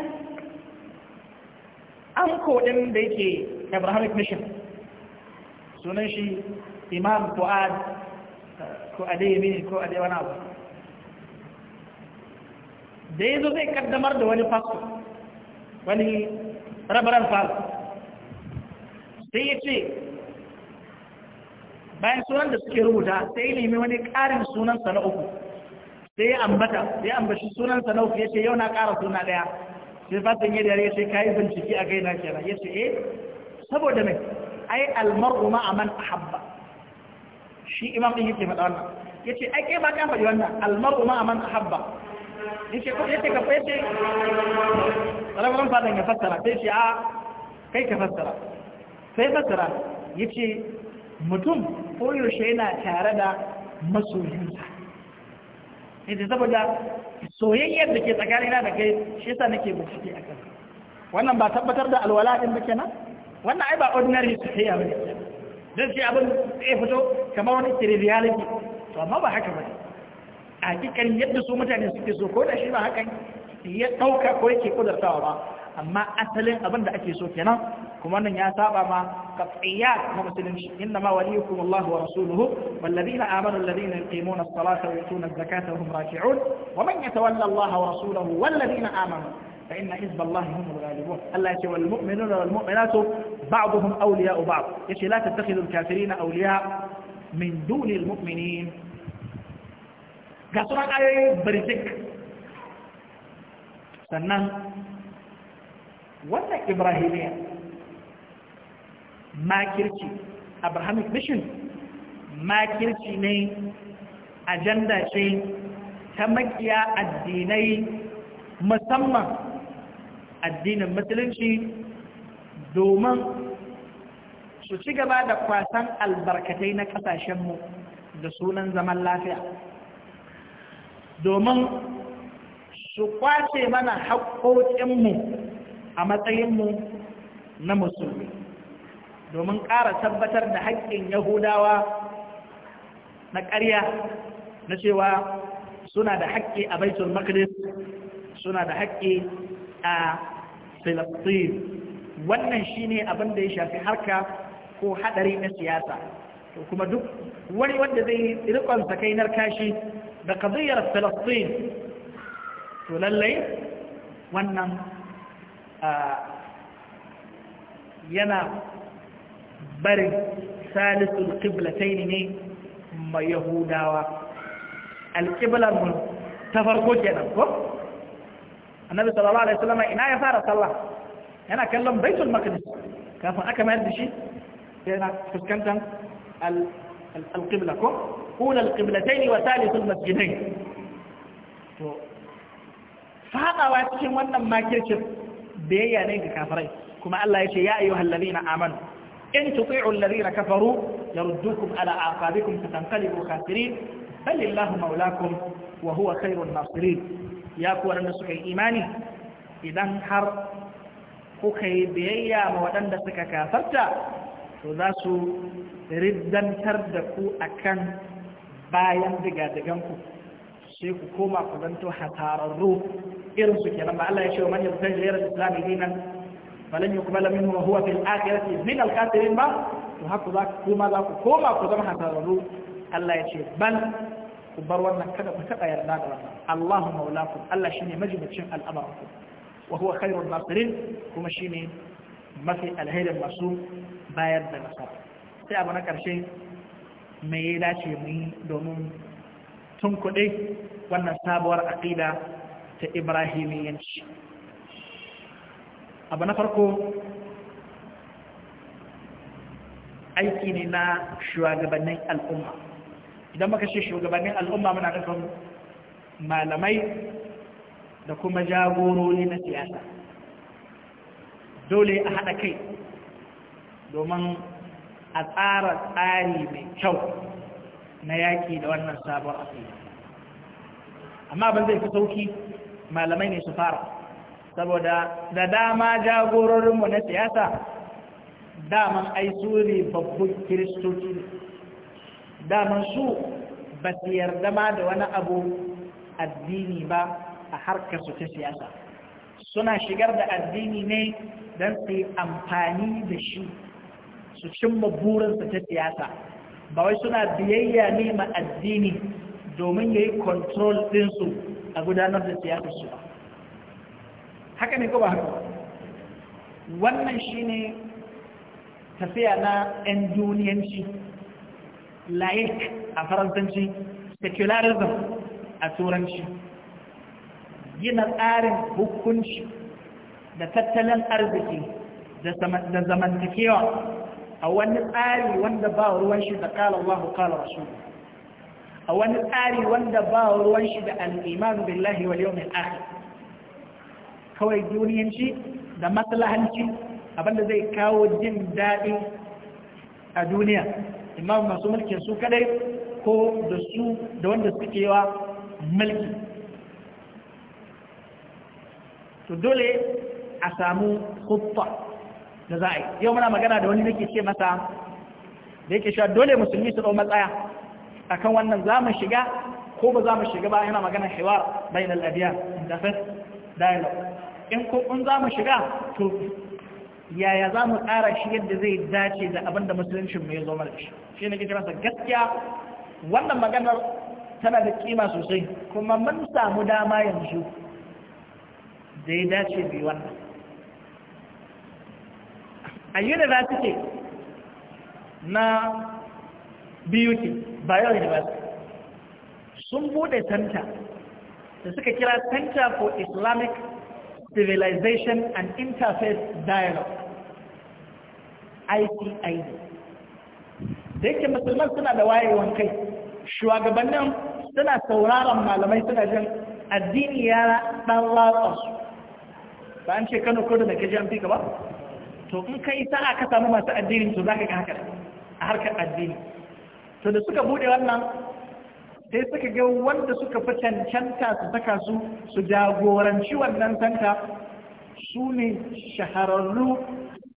an kodin da yake Ibrahimic mission sunan shi imam fu'ad ko adeyemi ko adewana abu da yazo zai kaddamar da wani pastor wani rabaran faru sai ya ce bayan sunan da suke rubuta sai nemi wani ƙarin sunan na uku sai ya ambata ya ambashi sunansa na uku ya ce yau na ƙara suna ɗaya sai fatan yadda ya ce kayi bincike a gaina kenan ya ce eh saboda mai ai almar'u ma a aman ahabba shi imam din yake faɗa wannan yace ai kai ba ka faɗi wannan almar'u ma a aman ahabba In ce ko ce ka fete rabban fadan ya fassara sai shi a kai ka fassara sai fassara ce mutum koyaushe yaushe yana tare da masoyinsa yace saboda soyayyar da ke tsakanina da kai shi yasa nake bincike akan wannan ba tabbatar da alwala ɗin ba kenan wannan ai ba ordinary sahiya bane dan shi abin da ya fito kamar wani reality to amma ba haka ba ne. hakikan yadda su mutane suke so ko da shi ba hakan ya ɗauka ko yake kudartawa ba amma asalin abin da ake so kenan kuma wannan ya saba ma kafiya na musulunci inna ma waliyukum Allah wa rasuluhu wal ladina amanu alladhina yuqimuna as-salata wa yutuna az-zakata wa hum raki'un wa man yatawalla Allah wa rasuluhu wal ladina amanu fa inna hizba Allah hum al-ghalibun Allah yace wal mu'minuna wal mu'minatu ba'dhum awliya'u ba'd yace la tattakhidhu al-kafirina awliya' min duni al-mu'minin ga sunan ayoyi birjik sannan wannan Ibrahimiyya, makirci abrahamic mission makirci ne ajanda ce ta makiya addinai musamman addinin musulunci domin su ci gaba da kwasan albarkatai na kasashenmu da sunan zaman lafiya domin su kwace mana haƙoƙinmu a matsayinmu na musulmi domin ƙara tabbatar da haƙƙin yahudawa na ƙarya na cewa suna da haƙƙi a baitul maqdis suna da haƙƙi a filistin wannan shine abin da ya shafi harka ko haɗari na siyasa to kuma duk wani wanda zai rikon sakainar kashi بقضية فلسطين تقول لي إيه؟ وانا آه، ينا بري ثالث القبلتين ني ما يهودا و القبلة من تفرقوك ينا النبي صلى الله عليه وسلم إنا يفارة الله أنا أكلم بيت المقدس كافة أكا ما يدشي هنا فسكنتم القبلة كو hula alƙiblatai wa talisul masjidai to faɗawa cikin wannan makircin biyayya ne ga kafirai kuma Allah ya ce ya ayyuhal na amanu in tuti'u alladhina kafaru yaruddukum ala aqabikum fatanqalibu khasirin balillahu maulakum wa huwa khairun nasirin ya ku waɗanda suka yi imani idan har kuka yi biyayya ma waɗanda suka kafarta to zasu su riddantar da ku akan bayan digadigan ku sai ku koma ku zanto hatararru irin su kenan ba Allah ya ce wa man yabtaji ghayra al-islam dinan falan yuqbala minhu wa huwa fil akhirati min al kafirin ba to haku za ku koma za ku koma ku zama hatararru Allah ya ce ban ku bar wannan kada ku taba yarda da wannan Allahu maulakum Allah shine majibicin al'amarku wa huwa khairul nasirin kuma shine mafi alherin masu bayar da nasara sai abu na karshe Mai ya dace mai domin tun kuɗe wannan sabuwar aƙida ta ibrahimiyanci abu na farko aiki ne na shugabannin al'umma idan maka ce shugabannin al'umma muna nufin malamai da kuma jagorori na siyasa dole a haɗa kai domin a tsara tsari mai kyau na yaƙi da wannan sabon asiri amma ban zai fi sauki malamai ne su fara saboda da dama jagororinmu na siyasa daman ai su ne babban kiristoci daman su ba su yarda ma da wani abu addini ba a harkar su ta siyasa suna shigar da addini ne don su yi amfani da shi su cimma burinsu ta siyasa ba wai suna biyayya ne ma addini domin ya yi kontrol ɗinsu a gudanar da siyasarsu ba haka ne ko ba haka wannan shi ne tafiya na 'yan duniyanci laik a faransanci secularism a turanci gina tsarin hukunci da tattalin arziki da zamantakewa a wani tsari wanda ba ruwan shi da kala Allah kala rasul a wani tsari wanda ba ruwan shi da al'imanu billahi wal mai akhir kawai duniyanci da maslahanci abinda zai kawo jin daɗi a duniya imam masu mulkin su kadai ko da su da wanda suke wa mulki to dole a samu kuffa da za a yi yau muna magana da wani nake ce masa da yake cewa dole musulmi su ɗau matsaya kan wannan za mu shiga ko ba za mu shiga ba yana magana shiwa bayan al'adiyar interfaith dialogue in ko in za mu shiga to yaya za mu tsara shi yadda zai dace da abin da musulunci mai zo mara shi shi ne masa gaskiya wannan maganar tana da kima sosai kuma mun samu dama yanzu da ya dace bi wannan a university na beauty bayo university sun bude center da suka kira center for islamic civilization and interfaith dialogue ICID da yake musulman suna da wayewan kai shugabannin suna sauraron malamai suna jin addini ya ɗan ba an ce kano kudu da ke an fi ba to in kai sa'a ka samu masu addini to za ka ga haka a harkar addini to da suka bude wannan sai suka ga wanda suka fi cancanta su saka su su jagoranci wannan santa su ne shahararru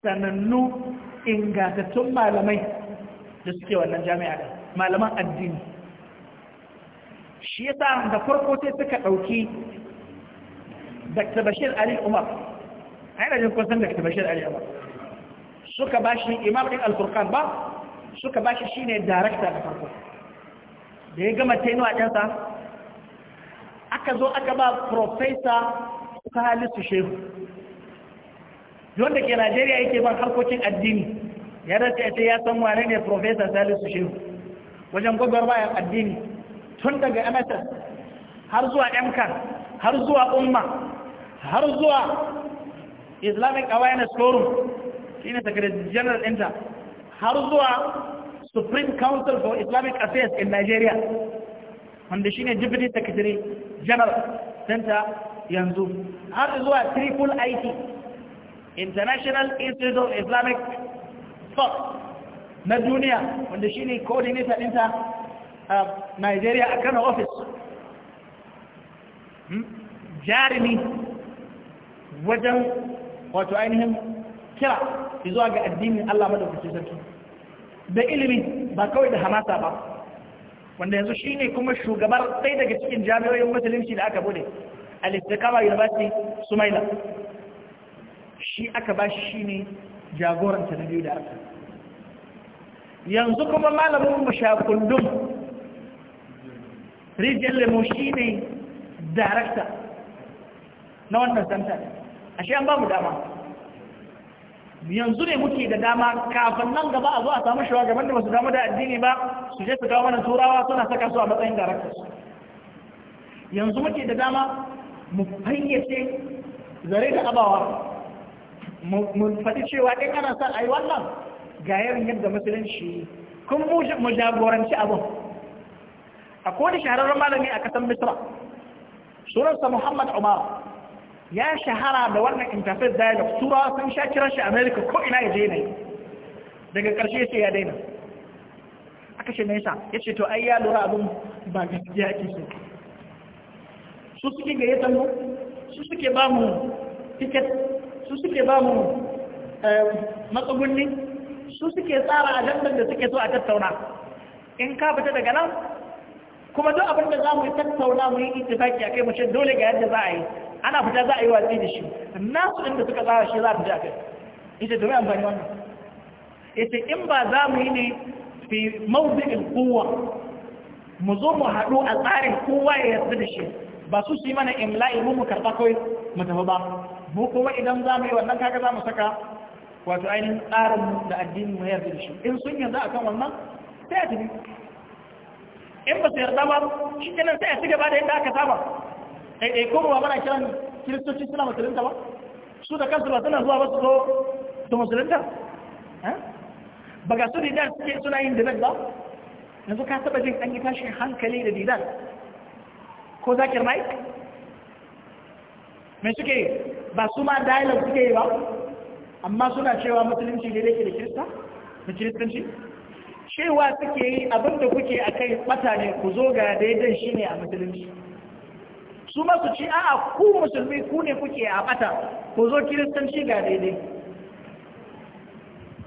sanannu ingantattun malamai da suke wannan jami'a da malaman addini shi yasa da farko sai suka ɗauki dr bashir ali umar a yana jin kusan dr bashir ali umar suka bashi imam din ba suka ba shi bashi ne darakta da farko da ya gama a ɗansa aka zo aka ba suka Salisu Shehu yadda ke Najeriya yake ban harkokin addini ya rasa ya ce ya san wane ne Profesa Salisu Shehu wajen gwagwarmayar addini tun daga MSS har zuwa yanka har zuwa Umma har zuwa Islamic Awareness Forum shi ne general ɗinta har zuwa supreme council for islamic affairs in nigeria wanda shi ne deputy secretary general ɗinta yanzu har zuwa triple it international institute of islamic thought na duniya wanda shi ne coordinator ɗinta a nigeria a kano office hmm? jarumi wajen wato ainihin kira zuwa ga addinin Allah madaukakin sarki da ilimi ba kawai da hamasa ba wanda yanzu shine kuma shugabar sai daga cikin jami'o'in musulunci da aka bude al-istiqama university sumaila shi aka ba shi shine jagoranta na biyu da aka yanzu kuma malamin mashakundum rijiyar lemo shi ne darakta na wannan santa Ashe an ba mu dama yanzu ne muke da dama kafin nan gaba a zo a samu shugaban da ba su damu da addini ba su je su kawo mana turawa suna saka su a matsayin darakta
yanzu muke da dama
mu fayyace
zare da abawa mu
faɗi cewa ɗin ana sa a yi wannan ga yarin yadda musulunci kun mu jagoranci abin a kodin shahararren malami a ƙasar misra sunansa muhammad umar ya shahara da wannan interfaz dialogue tura sun sha kiran shi america ko ina ya je ne daga ƙarshe sai ya daina aka ce nesa ya ce to ai ya lura abin ba gaskiya ke so su suke gayyatar mu su suke ba mu tiket su suke ba mu eh, matsugunni su suke tsara ajandar da suke so a tattauna in ka fita daga nan kuma duk abin da za mu yi tattauna mu yi ittifaki a kai mu ce dole ga yadda za a yi ana fita za a yi watsi da shi nasu inda suka tsara shi za a fita a kai ita domin amfani wannan ita in ba za mu yi ne fi mawuzi'in kowa mu zo mu haɗu a tsarin kowa ya yarda da shi ba su su yi mana imla'i mu mu karɓa kawai mu tafi ba mu kuma idan za mu yi wannan kaka za mu saka wato ainihin tsarin da addinin mu yarda da shi in sun yarda akan wannan sai a tafi in ba su yarda ba shi kenan sai a ci gaba da yadda aka saba ɗaiɗai ko ba mana kiran kiristoci suna musulunta ba su da kansu ba suna zuwa ba su
zo
da musulunta eh? ba ga su didar suke suna yin dibet ba yanzu ka taɓa jin an yi tashin hankali da didar ko zakir mike mai suke ba su ma dialogue suke yi ba amma suna cewa musulunci daidai ke da kirista da kiristanci cewa suke yi abinda kuke a kai ɓata ne ku zo ga daidan shi ne a musulunci su masu ci a ku musulmi ku ne kuke a mata ku zo kiristanci ga daidai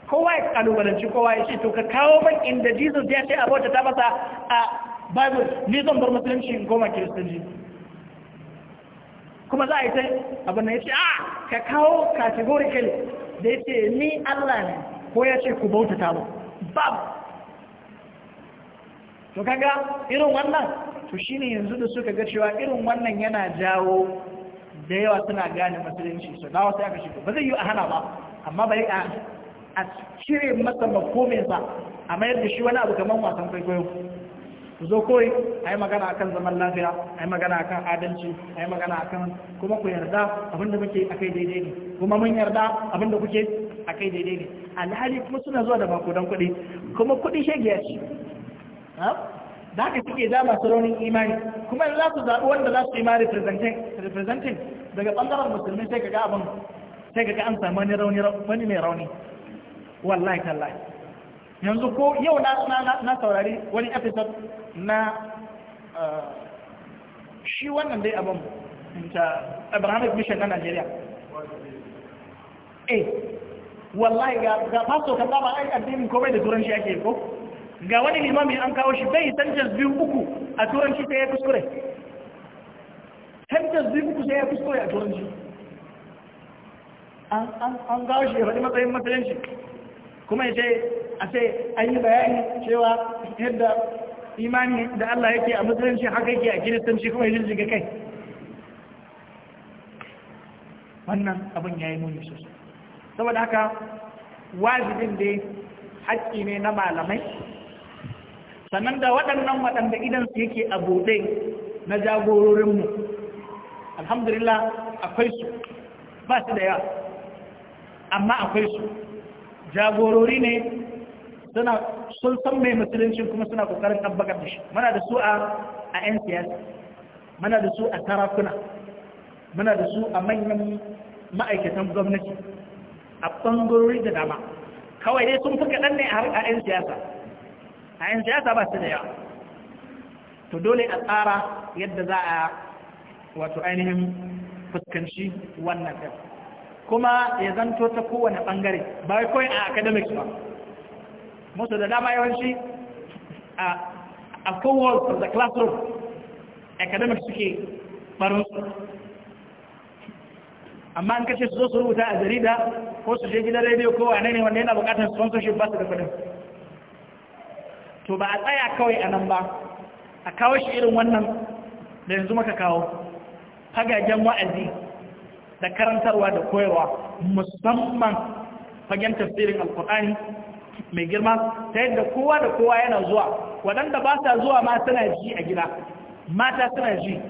kowa ya kalubalanci kowa ya ce to ka kawo ban inda jesus ya ce abota ta masa a bible ni zan bar musulunci in koma kiristanci kuma za a yi ta abin da ya ce a ka kawo kategorikali da ya ce ni allah ne ko ya ce ku bauta ta ba to kaga irin wannan to shine yanzu da suka ga cewa irin wannan yana jawo da yawa suna gane musulunci so na wasu aka shigo ba zai yi a hana ba amma bai a a cire masa makomin sa a mayar da shi wani abu kamar wasan kwaikwayo ku zo koyi a yi magana akan zaman lafiya a yi magana akan adalci a yi magana akan kuma ku yarda abinda muke a kai daidai ne kuma mun yarda abinda kuke a kai daidai ne alhali kuma suna zuwa da makudan kuɗi kuma kuɗi shegiya ce da haka suke za masu raunin imani kuma yanzu za su zaɓi wanda za su yi ma daga ɓangaren musulmi sai ka ga abin sai ka ga an samu wani rauni wani mai rauni wallahi tallahi yanzu ko yau na na saurari wani episode na uh, shi wannan dai abin ta Abrahamic Mission na Najeriya eh wallahi ga ga faso kan ba ai addinin komai da turanci ake ko ga wani limami an kawo shi bai tantas biyu uku a turanci sai ya kuskure tantas biyu uku sai ya kuskure a turanci
an
kawo shi ya faɗi matsayin shi kuma ya ce a sai an yi bayani cewa yadda imani da Allah yake a musulunci haka yake a kiristanci kuma ya jirgin kai wannan abin ya yi muni sosai saboda haka wajibin dai haƙƙi ne na malamai sannan da waɗannan waɗanda idan su yake a buɗe na jagororinmu alhamdulillah akwai su ba su da yawa amma akwai su jagorori ne suna sun san mai musulunci kuma suna ƙoƙarin tabbatar da shi muna da su a a 'yan siyasa muna da su a sarakuna muna da su a manyan ma'aikatan gwamnati a ɓangarori da dama kawai dai sun fi kaɗan ne a 'yan siyasa a yan siyasa ba su da yawa to dole a tsara yadda za a wato ainihin fuskanci wannan ɗin kuma ya zanto ta kowane ɓangare ba wai kawai a academics ba musu da dama yawanci a kowane of the classroom academics suke su amma an kashe su zo su rubuta a jarida ko su je gidan rediyo ko a ne wanda yana bukatar sponsorship ba su da kudin to ba a tsaya kawai a nan ba a kawo shi irin wannan da yanzu maka kawo fagagen wa'azi da karantarwa da koyarwa musamman fagen tafsirin alkur'ani mai girma ta yadda kowa da kowa yana zuwa waɗanda ba sa zuwa ma suna ji a gida mata suna ji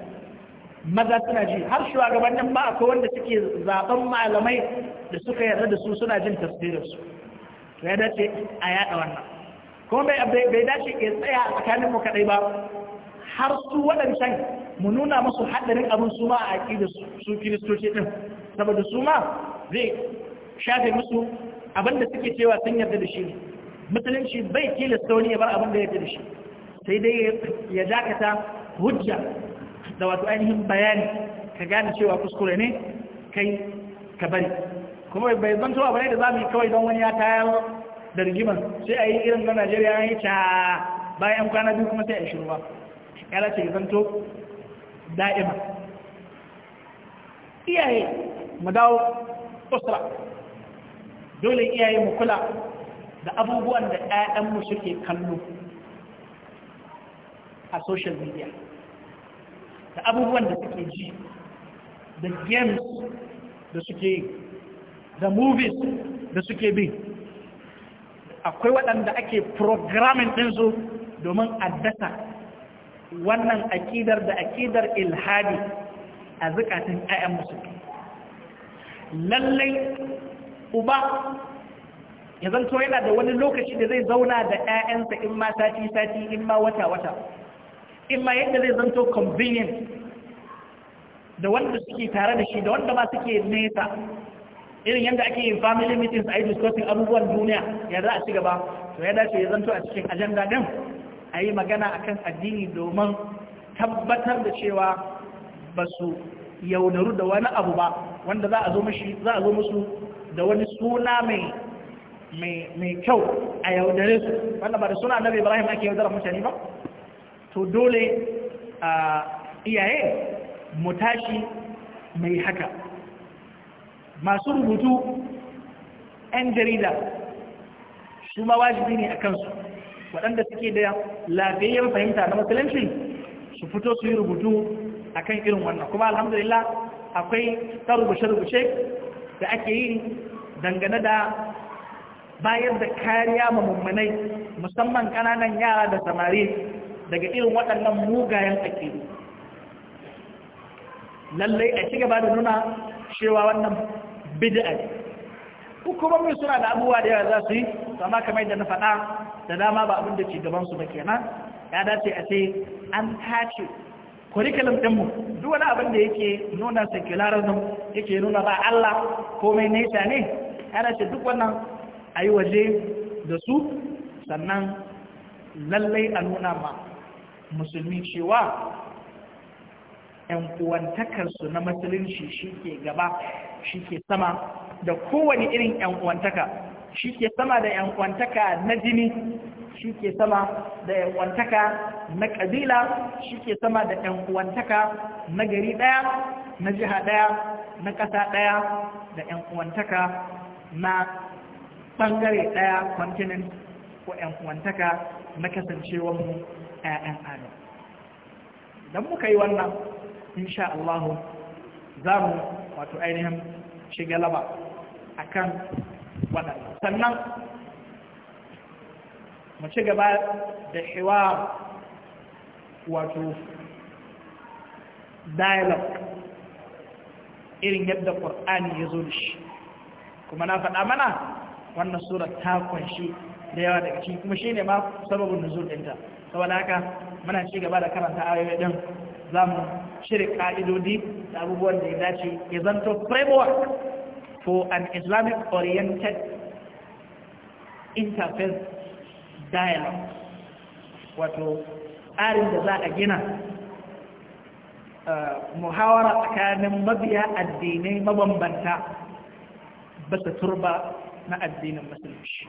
maza suna ji har shugabannin ba akwai wanda suke zaben malamai da suka yarda da su suna jin tafsirinsu ya dace a yada wannan kuma bai dace ya tsaya a tsakanin mu kadai ba har su waɗancan mu nuna musu haɗarin abin su ma a da su kiristoci ɗin saboda suma ma zai shafe musu abin da suke cewa sun yarda da shi musulunci bai tilasta wani ya bar abin da yarda da shi sai dai ya dakata hujja da wato ainihin bayani ka gane cewa kuskure ne kai ka bari kuma bai zanto abu ne da za mu yi kawai don wani ya tayar da rigima sai a yi irin na najeriya ya yi ta bayan kwana biyu kuma sai a shiru ba ya ya zanto da'ima iyaye mu dawo usra dole iyaye mu kula da abubuwan da mu suke kallo a social media da abubuwan da suke ji da games da suke da movies da suke bin. akwai waɗanda ake ɗin ɗinsu domin addasa wannan akidar da akidar ilhadi a zukatan ayan musulmi lallai uba ya zanto yana da wani lokaci da zai zauna da 'ya'yansa in ma sati-sati in ma wata-wata in ma yadda zai zanto convenient da wanda suke tare da shi da wanda ma suke nesa irin yadda ake yin family meetings a yi discussing abubuwan duniya ya za a ci gaba to ya dace ya zanto a cikin ajanda din a yi magana a kan addini domin tabbatar da cewa ba su yaudaru da wani abu ba wanda za a zo mashi musu da wani suna mai mai mai kyau a yaudare su wanda ba da suna annabi Ibrahim ake yaudara mutane ba to dole a iyaye mu tashi mai haka masu rubutu 'yan jarida su ma wajibi ne a kansu waɗanda suke da lafiyayyar fahimta na musulunci su fito su yi rubutu a kan irin wannan kuma alhamdulillah akwai ta rubuce-rubuce da ake yi dangane da bayar da kariya ma musamman ƙananan yara da samari daga irin waɗannan mugayen akidu lallai a ci gaba da nuna cewa wannan bid'a ne hukumomin suna da abubuwa da yawa za su yi amma kamar yadda na faɗa da dama ba abin da ke gaban su ba kenan ya dace a ce an tace curriculum mu duk wani abin da yake nuna secularism yake nuna ba Allah komai nesa ne ya dace duk wannan a yi waje da su sannan lallai a nuna ma musulmi cewa ‘yan uwantakarsu na musulunci shi ke gaba shi ke sama da kowane irin ‘yan'uwantaka shi ke sama da ‘yan'uwantaka na jini shi ke sama da ‘yan'uwantaka na ƙabila shi ke sama da ‘yan'uwantaka na gari ɗaya na jiha ɗaya na ƙasa ɗaya da ‘yan'uwantaka na ɓangare ɗaya kontinent ko ‘yan'uwantaka na kasancewarmu ‘ya'yan adam don muka yi wannan insha Allah za mu wato ainihin shi galaba a kan waɗanda sannan mu ci gaba da hewa wato dialogue irin yadda ƙur'ani ya zo da shi kuma na faɗa mana wannan sura ta kwanshi da yawa daga ciki kuma shi ne ma sababin da ɗinta saboda haka muna ci gaba da karanta ayoyi ɗin za mu shirya ƙa'idodi da abubuwan da ya dace ya zanto framework for an islamic oriented interfaith dialogue wato tsarin da za a gina eh, muhawara tsakanin mabiya addinai mabambanta basa turba na addinin musulunci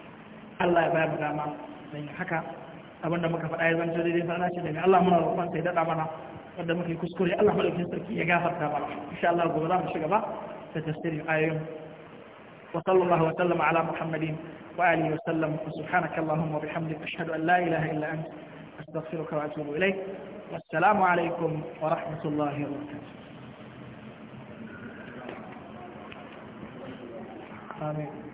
Allah ya bayar dama don haka abinda muka faɗa ya zance daidai fara da daga Allah muna roƙon sai daɗa mana قد ما في كسكوري الله ما لكن تركي يقافر كابر إن شاء الله أبو غلام الشقباء ستستريم آيهم وصلى الله وسلم على محمد وآله وسلم سبحانك اللهم وبحمدك أشهد أن لا إله إلا أنت أستغفرك وأتوب إليك والسلام عليكم ورحمة الله وبركاته
آمين